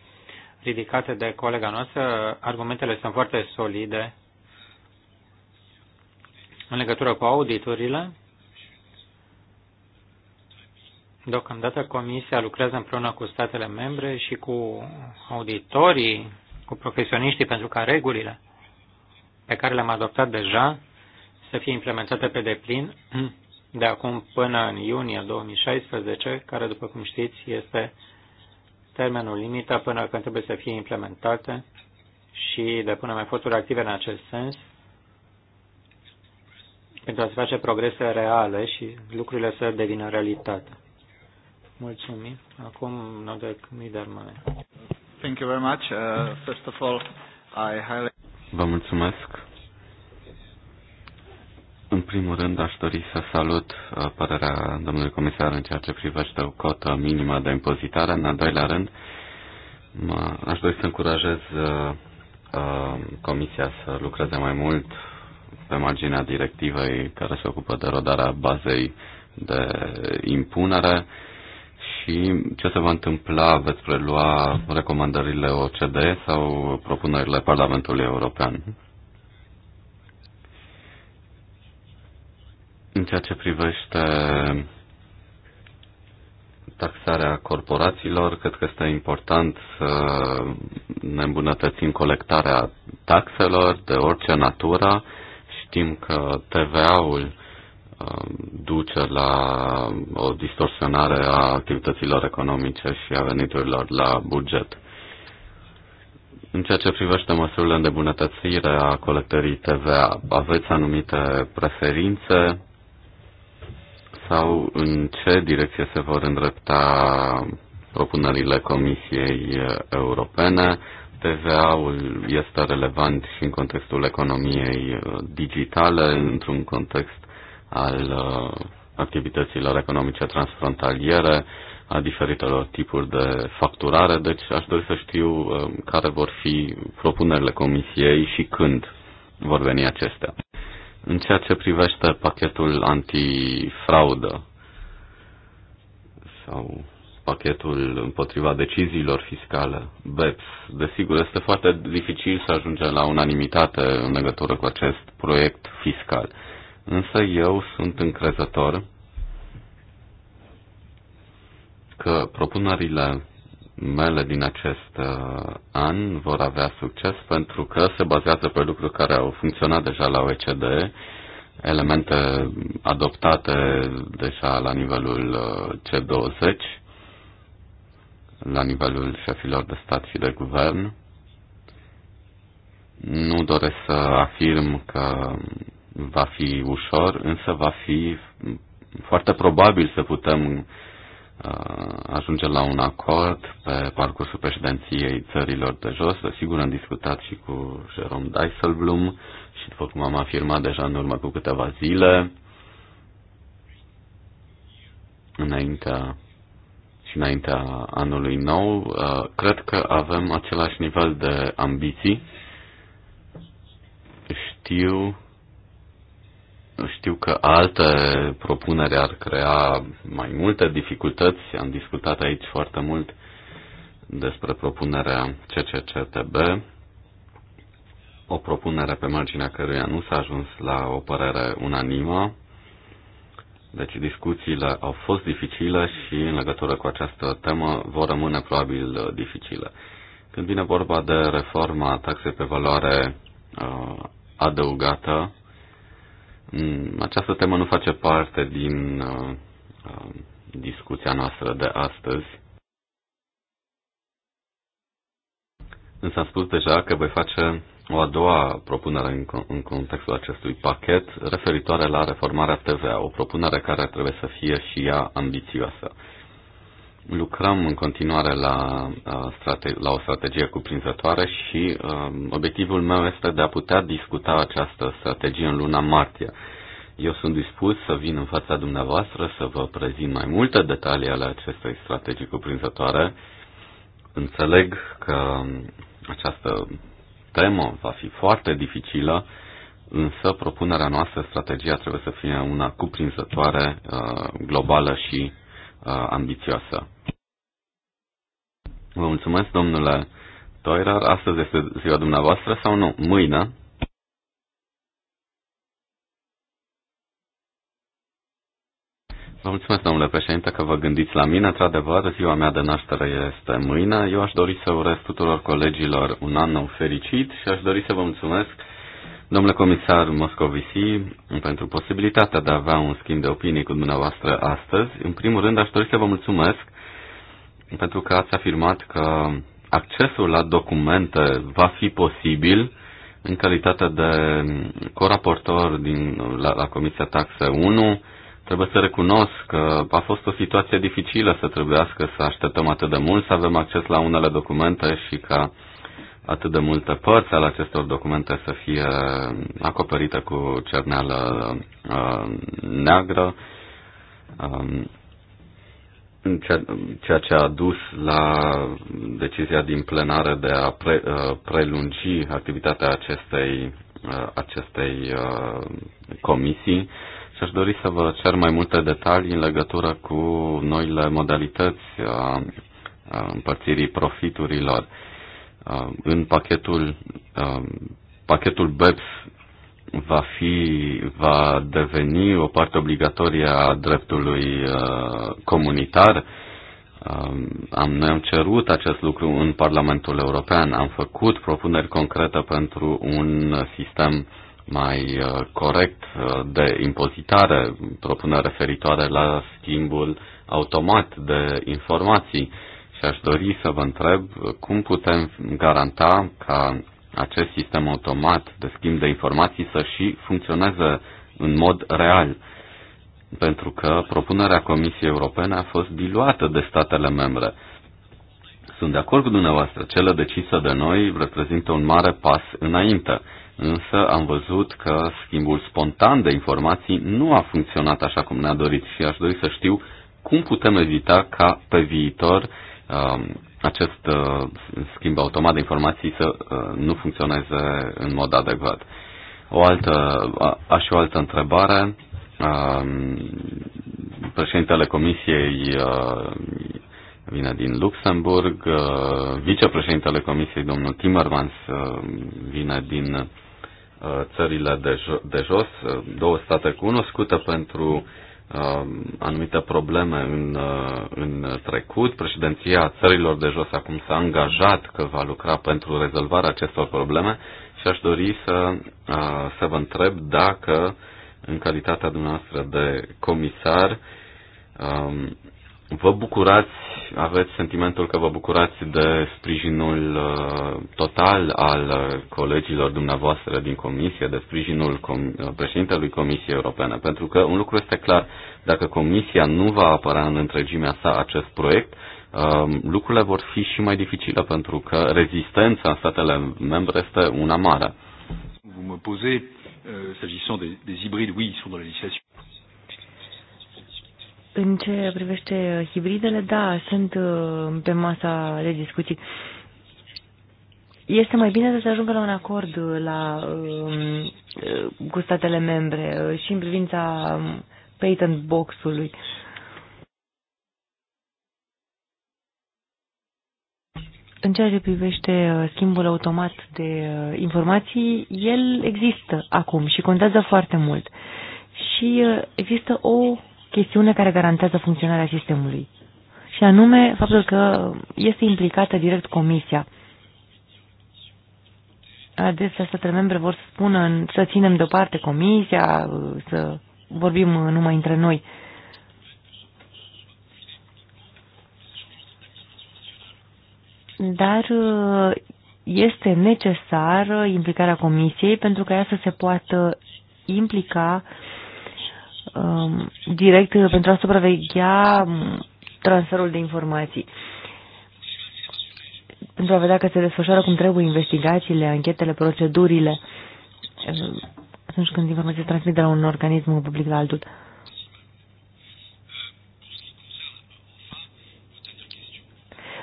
ridicate de colega noastră, argumentele sunt foarte solide în legătură cu auditurile. Deocamdată Comisia lucrează împreună cu statele membre și cu auditorii, cu profesioniștii, pentru ca regulile pe care le-am adoptat deja să fie implementată pe deplin de acum până în iunie 2016, care, după cum știți, este termenul limită până când trebuie să fie implementate și depunem eforturi active în acest sens pentru a se face progrese reale și lucrurile să devină realitate. Mulțumim. Acum Nodec Midermane. Thank you very much. Uh, first of all, I highly... Vă mulțumesc. În primul rând, aș dori să salut uh, părerea domnului comisar în ceea ce privește o cotă minimă de impozitare. În al doilea rând, aș dori să încurajez uh, uh, comisia să lucreze mai mult pe marginea directivei care se ocupă de rodarea bazei de impunere și ce se va întâmpla, veți prelua recomandările OCDE sau propunerile Parlamentului European. În ceea ce privește taxarea corporațiilor, cred că este important să ne îmbunătățim colectarea taxelor de orice natură. Știm că TVA-ul um, duce la o distorsionare a activităților economice și a veniturilor la buget. În ceea ce privește măsurile de bunătățire a colectării TVA, aveți anumite preferințe sau în ce direcție se vor îndrepta propunerile Comisiei Europene. TVA-ul este relevant și în contextul economiei digitale, într-un context al uh, activităților economice transfrontaliere, a diferitelor tipuri de facturare, deci aș dori să știu uh, care vor fi propunerile Comisiei și când vor veni acestea. În ceea ce privește pachetul antifraudă sau pachetul împotriva deciziilor fiscale, BEPS, desigur, este foarte dificil să ajungem la unanimitate în legătură cu acest proiect fiscal. Însă eu sunt încrezător că propunerile mele din acest uh, an vor avea succes pentru că se bazează pe lucruri care au funcționat deja la OECD, elemente adoptate deja la nivelul uh, C20, la nivelul șefilor de stat și de guvern. Nu doresc să afirm că va fi ușor, însă va fi foarte probabil să putem Uh, ajunge la un acord pe parcursul președinției țărilor de jos. Desigur, am discutat și cu Jerome Dijsselbloem și, după cum am afirmat deja în urmă cu câteva zile, înaintea și înaintea anului nou, uh, cred că avem același nivel de ambiții. Știu știu că altă propunere ar crea mai multe dificultăți. Am discutat aici foarte mult despre propunerea CCCTB, o propunere pe marginea căruia nu s-a ajuns la o părere unanimă. Deci discuțiile au fost dificile și în legătură cu această temă vor rămâne probabil dificile. Când vine vorba de reforma taxei pe valoare uh, adăugată, Mm, această temă nu face parte din uh, uh, discuția noastră de astăzi, însă am spus deja că voi face o a doua propunere în, contextul acestui pachet referitoare la reformarea TVA, o propunere care trebuie să fie și ea ambițioasă lucrăm în continuare la, uh, la o strategie cuprinzătoare și um, obiectivul meu este de a putea discuta această strategie în luna martie. Eu sunt dispus să vin în fața dumneavoastră să vă prezint mai multe detalii ale acestei strategii cuprinzătoare. Înțeleg că această temă va fi foarte dificilă, însă propunerea noastră, strategia, trebuie să fie una cuprinzătoare, uh, globală și uh, ambițioasă. Vă mulțumesc, domnule Toirar. Astăzi este ziua dumneavoastră sau nu? Mâine. Vă mulțumesc, domnule președinte, că vă gândiți la mine. Într-adevăr, ziua mea de naștere este mâine. Eu aș dori să urez tuturor colegilor un an nou fericit și aș dori să vă mulțumesc, domnule comisar Moscovici, pentru posibilitatea de a avea un schimb de opinii cu dumneavoastră astăzi. În primul rând, aș dori să vă mulțumesc pentru că ați afirmat că accesul la documente va fi posibil în calitate de coraportor din, la, la Comisia Taxe 1. Trebuie să recunosc că a fost o situație dificilă să trebuiască să așteptăm atât de mult, să avem acces la unele documente și ca atât de multe părți ale acestor documente să fie acoperite cu cerneală uh, neagră. Um, ceea ce a dus la decizia din plenară de a pre, uh, prelungi activitatea acestei, uh, acestei uh, comisii și aș dori să vă cer mai multe detalii în legătură cu noile modalități a împărțirii profiturilor. În pachetul, pachetul BEPS va, fi, va deveni o parte obligatorie a dreptului uh, comunitar. Um, am, ne-am cerut acest lucru în Parlamentul European, am făcut propuneri concrete pentru un sistem mai uh, corect uh, de impozitare, propuneri referitoare la schimbul automat de informații. Și aș dori să vă întreb cum putem garanta ca acest sistem automat de schimb de informații să și funcționeze în mod real, pentru că propunerea Comisiei Europene a fost diluată de statele membre. Sunt de acord cu dumneavoastră, cele decise de noi reprezintă un mare pas înainte, însă am văzut că schimbul spontan de informații nu a funcționat așa cum ne-a dorit și aș dori să știu cum putem evita ca pe viitor um, acest uh, schimb automat de informații să uh, nu funcționeze în mod adecvat. O altă, aș și o altă întrebare. Um, președintele Comisiei uh, vine din Luxemburg, vicepreședintele Comisiei, domnul Timmermans, vine din țările de, jo- de jos, două state cunoscute pentru Um, anumite probleme în, uh, în trecut. Președinția țărilor de jos acum s-a angajat că va lucra pentru rezolvarea acestor probleme și aș dori să, uh, să vă întreb dacă, în calitatea dumneavoastră de comisar, um, Vă bucurați, aveți sentimentul că vă bucurați de sprijinul uh, total al uh, colegilor dumneavoastră din Comisie, de sprijinul com- uh, președintelui Comisiei Europene, pentru că un lucru este clar, dacă Comisia nu va apăra în întregimea sa acest proiect, um, lucrurile vor fi și mai dificile, pentru că rezistența în statele membre este una mare. Euh, s'agissant des, des hybrides, oui, ils sont dans la législation. În ce privește hibridele, da, sunt uh, pe masa de discuții. Este mai bine să se ajungă la un acord la, um, uh, cu statele membre uh, și în privința um, patent box-ului. În ceea ce privește schimbul automat de informații, el există acum și contează foarte mult. Și există o chestiune care garantează funcționarea sistemului, și anume faptul că este implicată direct Comisia. Adesea statele membre vor spune spună să ținem deoparte Comisia, să vorbim numai între noi. Dar este necesară implicarea Comisiei pentru ca ea să se poată implica uh, um, direct uh, pentru a supraveghea um, transferul de informații. Pentru a vedea că se desfășoară cum trebuie investigațiile, anchetele, procedurile, uh, atunci când informații se transmit de la un organism public la altul.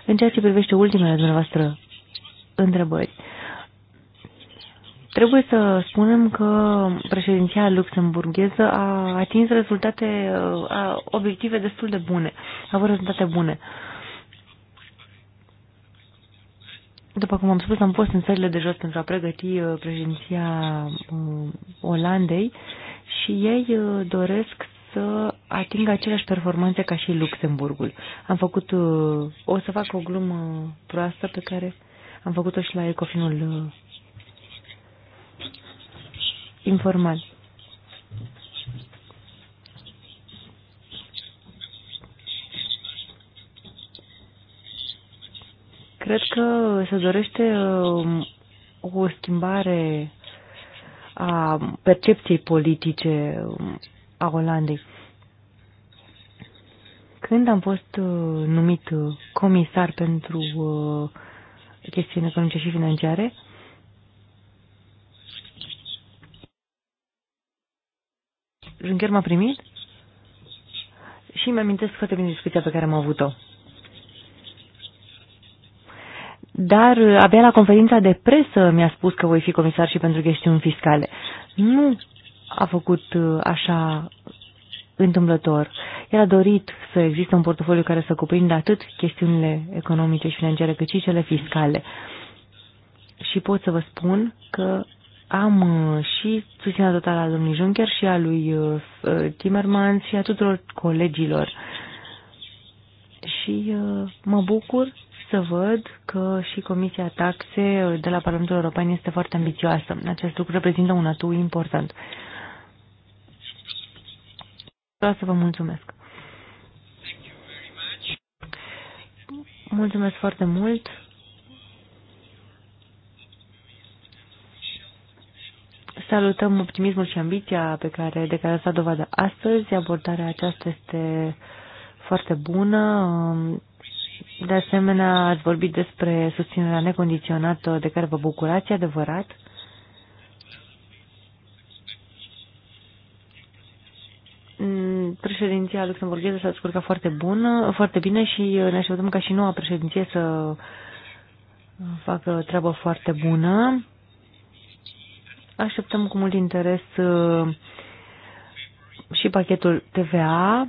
În ceea ce privește ultimele dumneavoastră întrebări, Trebuie să spunem că președinția luxemburgheză a atins rezultate, a obiective destul de bune, a avut rezultate bune. După cum am spus, am fost în țările de jos pentru a pregăti uh, președinția uh, Olandei și ei uh, doresc să atingă aceleași performanțe ca și Luxemburgul. Am făcut, o să fac o glumă proastă pe care am făcut-o și la Ecofinul informal. Cred că se dorește um, o schimbare a percepției politice um, a Olandei. Când am fost uh, numit uh, comisar pentru uh, chestiuni economice și financiare, Juncker m-a primit și îmi amintesc foarte bine discuția pe care am avut-o. Dar abia la conferința de presă mi-a spus că voi fi comisar și pentru chestiuni fiscale. Nu a făcut uh, așa întâmplător. El a dorit să existe un portofoliu care să cuprindă atât chestiunile economice și financiare, cât și cele fiscale. Și pot să vă spun că am uh, și susținerea totală a domnului Juncker și a lui uh, uh, Timmermans și a tuturor colegilor. Și mă bucur să văd că și Comisia Taxe de la Parlamentul European este foarte ambițioasă. Acest lucru reprezintă un atu important. Vreau să vă mulțumesc. Mulțumesc foarte mult. Salutăm optimismul și ambiția pe care de care s-a dovadă astăzi. Abordarea aceasta este foarte bună. De asemenea, ați vorbit despre susținerea necondiționată de care vă bucurați, adevărat. Președinția luxemburgheză s-a descurcat foarte bună, foarte bine și ne așteptăm ca și noua președinție să facă treabă foarte bună. Așteptăm cu mult interes uh, și pachetul TVA.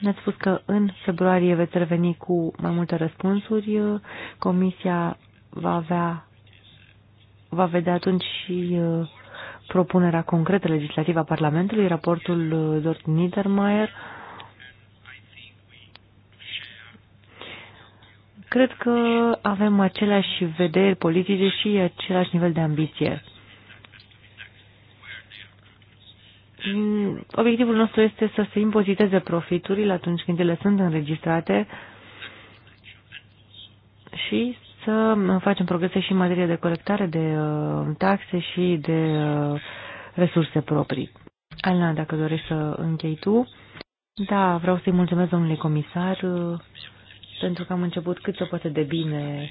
Ne-ați spus că în februarie veți reveni cu mai multe răspunsuri. Uh, comisia va avea va vedea atunci și uh, propunerea concretă legislativă a Parlamentului, raportul Dort Niedermayer. Cred că avem aceleași vederi politice și același nivel de ambiție. Obiectivul nostru este să se impoziteze profiturile atunci când ele sunt înregistrate și să facem progrese și în materie de colectare de uh, taxe și de uh, resurse proprii. Alina, dacă dorești să închei tu. Da, vreau să-i mulțumesc domnului comisar uh, pentru că am început cât se poate de bine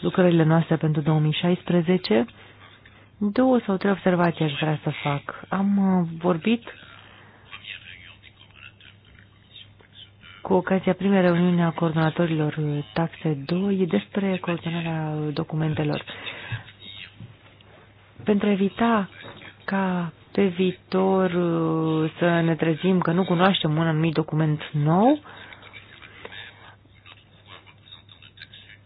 lucrările noastre pentru 2016. Două sau trei observații aș vrea să fac. Am uh, vorbit cu ocazia primei reuniuni a coordonatorilor uh, taxe 2 despre coordonarea documentelor. Pentru a evita ca pe viitor uh, să ne trezim că nu cunoaștem un anumit document nou,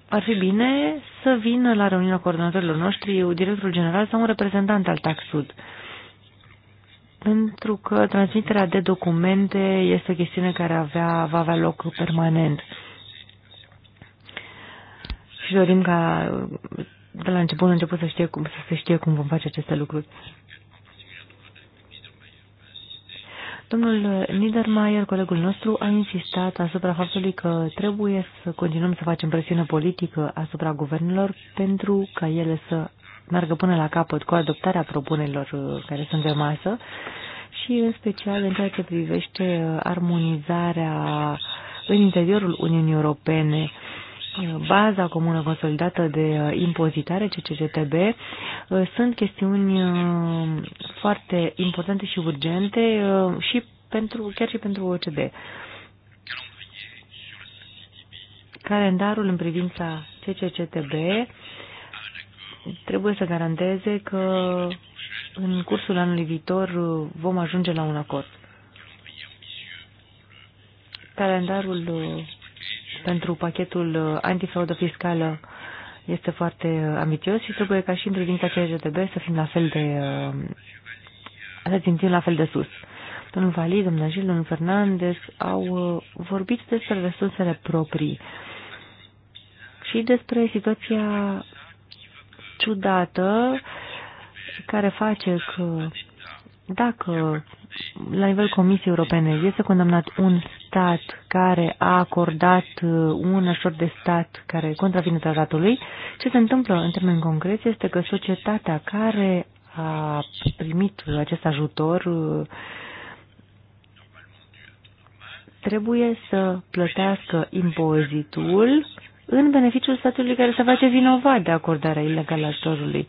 ar fi bine să vină la reuniunea coordonatorilor noștri directorul general sau un reprezentant al TAXUD. Pentru că transmiterea de documente este o chestiune care avea, va avea loc permanent. Și dorim ca de la început, început să, știe cum, să se știe cum vom face aceste lucruri. Domnul Niedermayer, colegul nostru, a insistat asupra faptului că trebuie să continuăm să facem presiune politică asupra guvernelor pentru ca ele să meargă până la capăt cu adoptarea propunerilor uh, care sunt de masă și în special în ceea ce privește uh, armonizarea în interiorul Uniunii Europene baza comună consolidată de uh, impozitare, CCCTB, uh, sunt chestiuni uh, foarte importante și urgente și pentru, chiar și pentru OCD. Calendarul în privința CCCTB trebuie să garanteze că în cursul anului viitor vom ajunge la un acord. Calendarul pentru pachetul uh, antifraudă fiscală este foarte uh, ambițios și trebuie ca și în privința CRJTB să fim la fel de uh, să simțim la fel de sus. Domnul Vali, domnul Gil, domnul Fernandez au vorbit despre resursele proprii și despre situația ciudată care face că dacă la nivel Comisiei Europene este condamnat un stat care a acordat uh, un ajutor de stat care contravine tratatului, ce se întâmplă în termeni concreți este că societatea care a primit acest ajutor uh, trebuie să plătească impozitul în beneficiul statului care se face vinovat de acordarea ilegală ajutorului.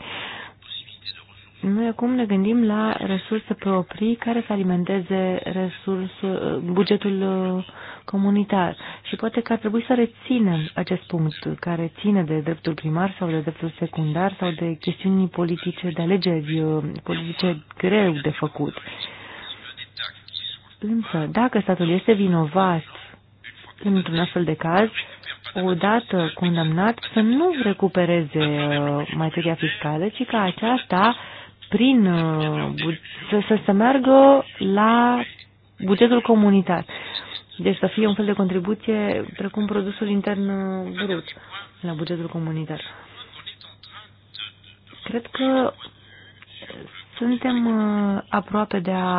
Noi acum ne gândim la resurse proprii care să alimenteze resursul, bugetul uh, comunitar și poate că ar trebui să reținem acest punct care ține de dreptul primar sau de dreptul secundar sau de chestiuni politice, de alegeri uh, politice greu de făcut. Însă, dacă statul este vinovat într-un astfel de caz, odată condamnat, să nu recupereze uh, materia fiscală, ci ca aceasta prin uh, să, să se meargă la bugetul comunitar. Deci să fie un fel de contribuție precum produsul intern uh, brut la bugetul comunitar. Cred că suntem uh, aproape de a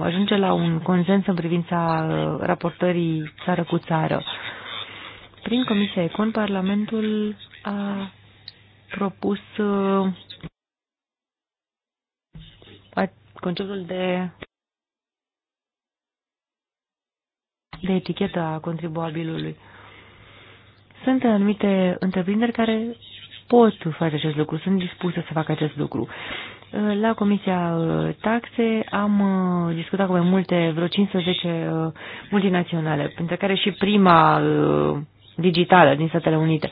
ajunge la un consens în privința raportării țară cu țară. Prin Comisia Econ, Parlamentul a propus conceptul de, de etichetă a contribuabilului. Sunt anumite întreprinderi care pot face acest lucru, sunt dispuse să facă acest lucru. La Comisia uh, Taxe am uh, discutat cu mai multe, vreo 15 uh, multinaționale, printre care și prima digitală din Statele Unite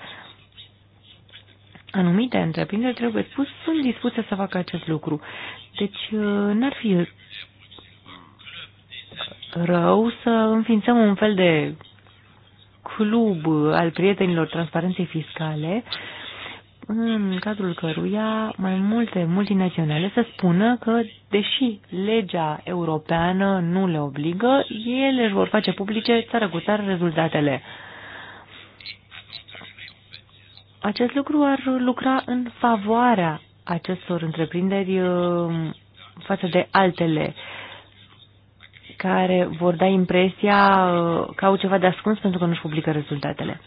anumite întreprinderi, trebuie spus, sunt dispuse să facă acest lucru. Deci uh, n-ar fi rău să înființăm un fel de club al prietenilor transparenței fiscale în cadrul căruia mai multe multinaționale să spună că, deși legea europeană nu le obligă, ele își vor face publice țară cu țară rezultatele acest lucru ar lucra în favoarea acestor întreprinderi uh, față de altele care vor da impresia uh, că au ceva de ascuns pentru că nu-și publică rezultatele.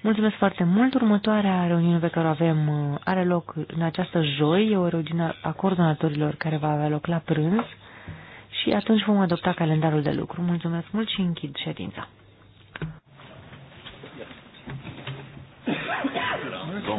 Mulțumesc foarte mult. Următoarea reuniune pe care o avem uh, are loc în această joi. E o reuniune a coordonatorilor care va avea loc la prânz și atunci vom adopta calendarul de lucru. Mulțumesc mult și închid ședința. Bon.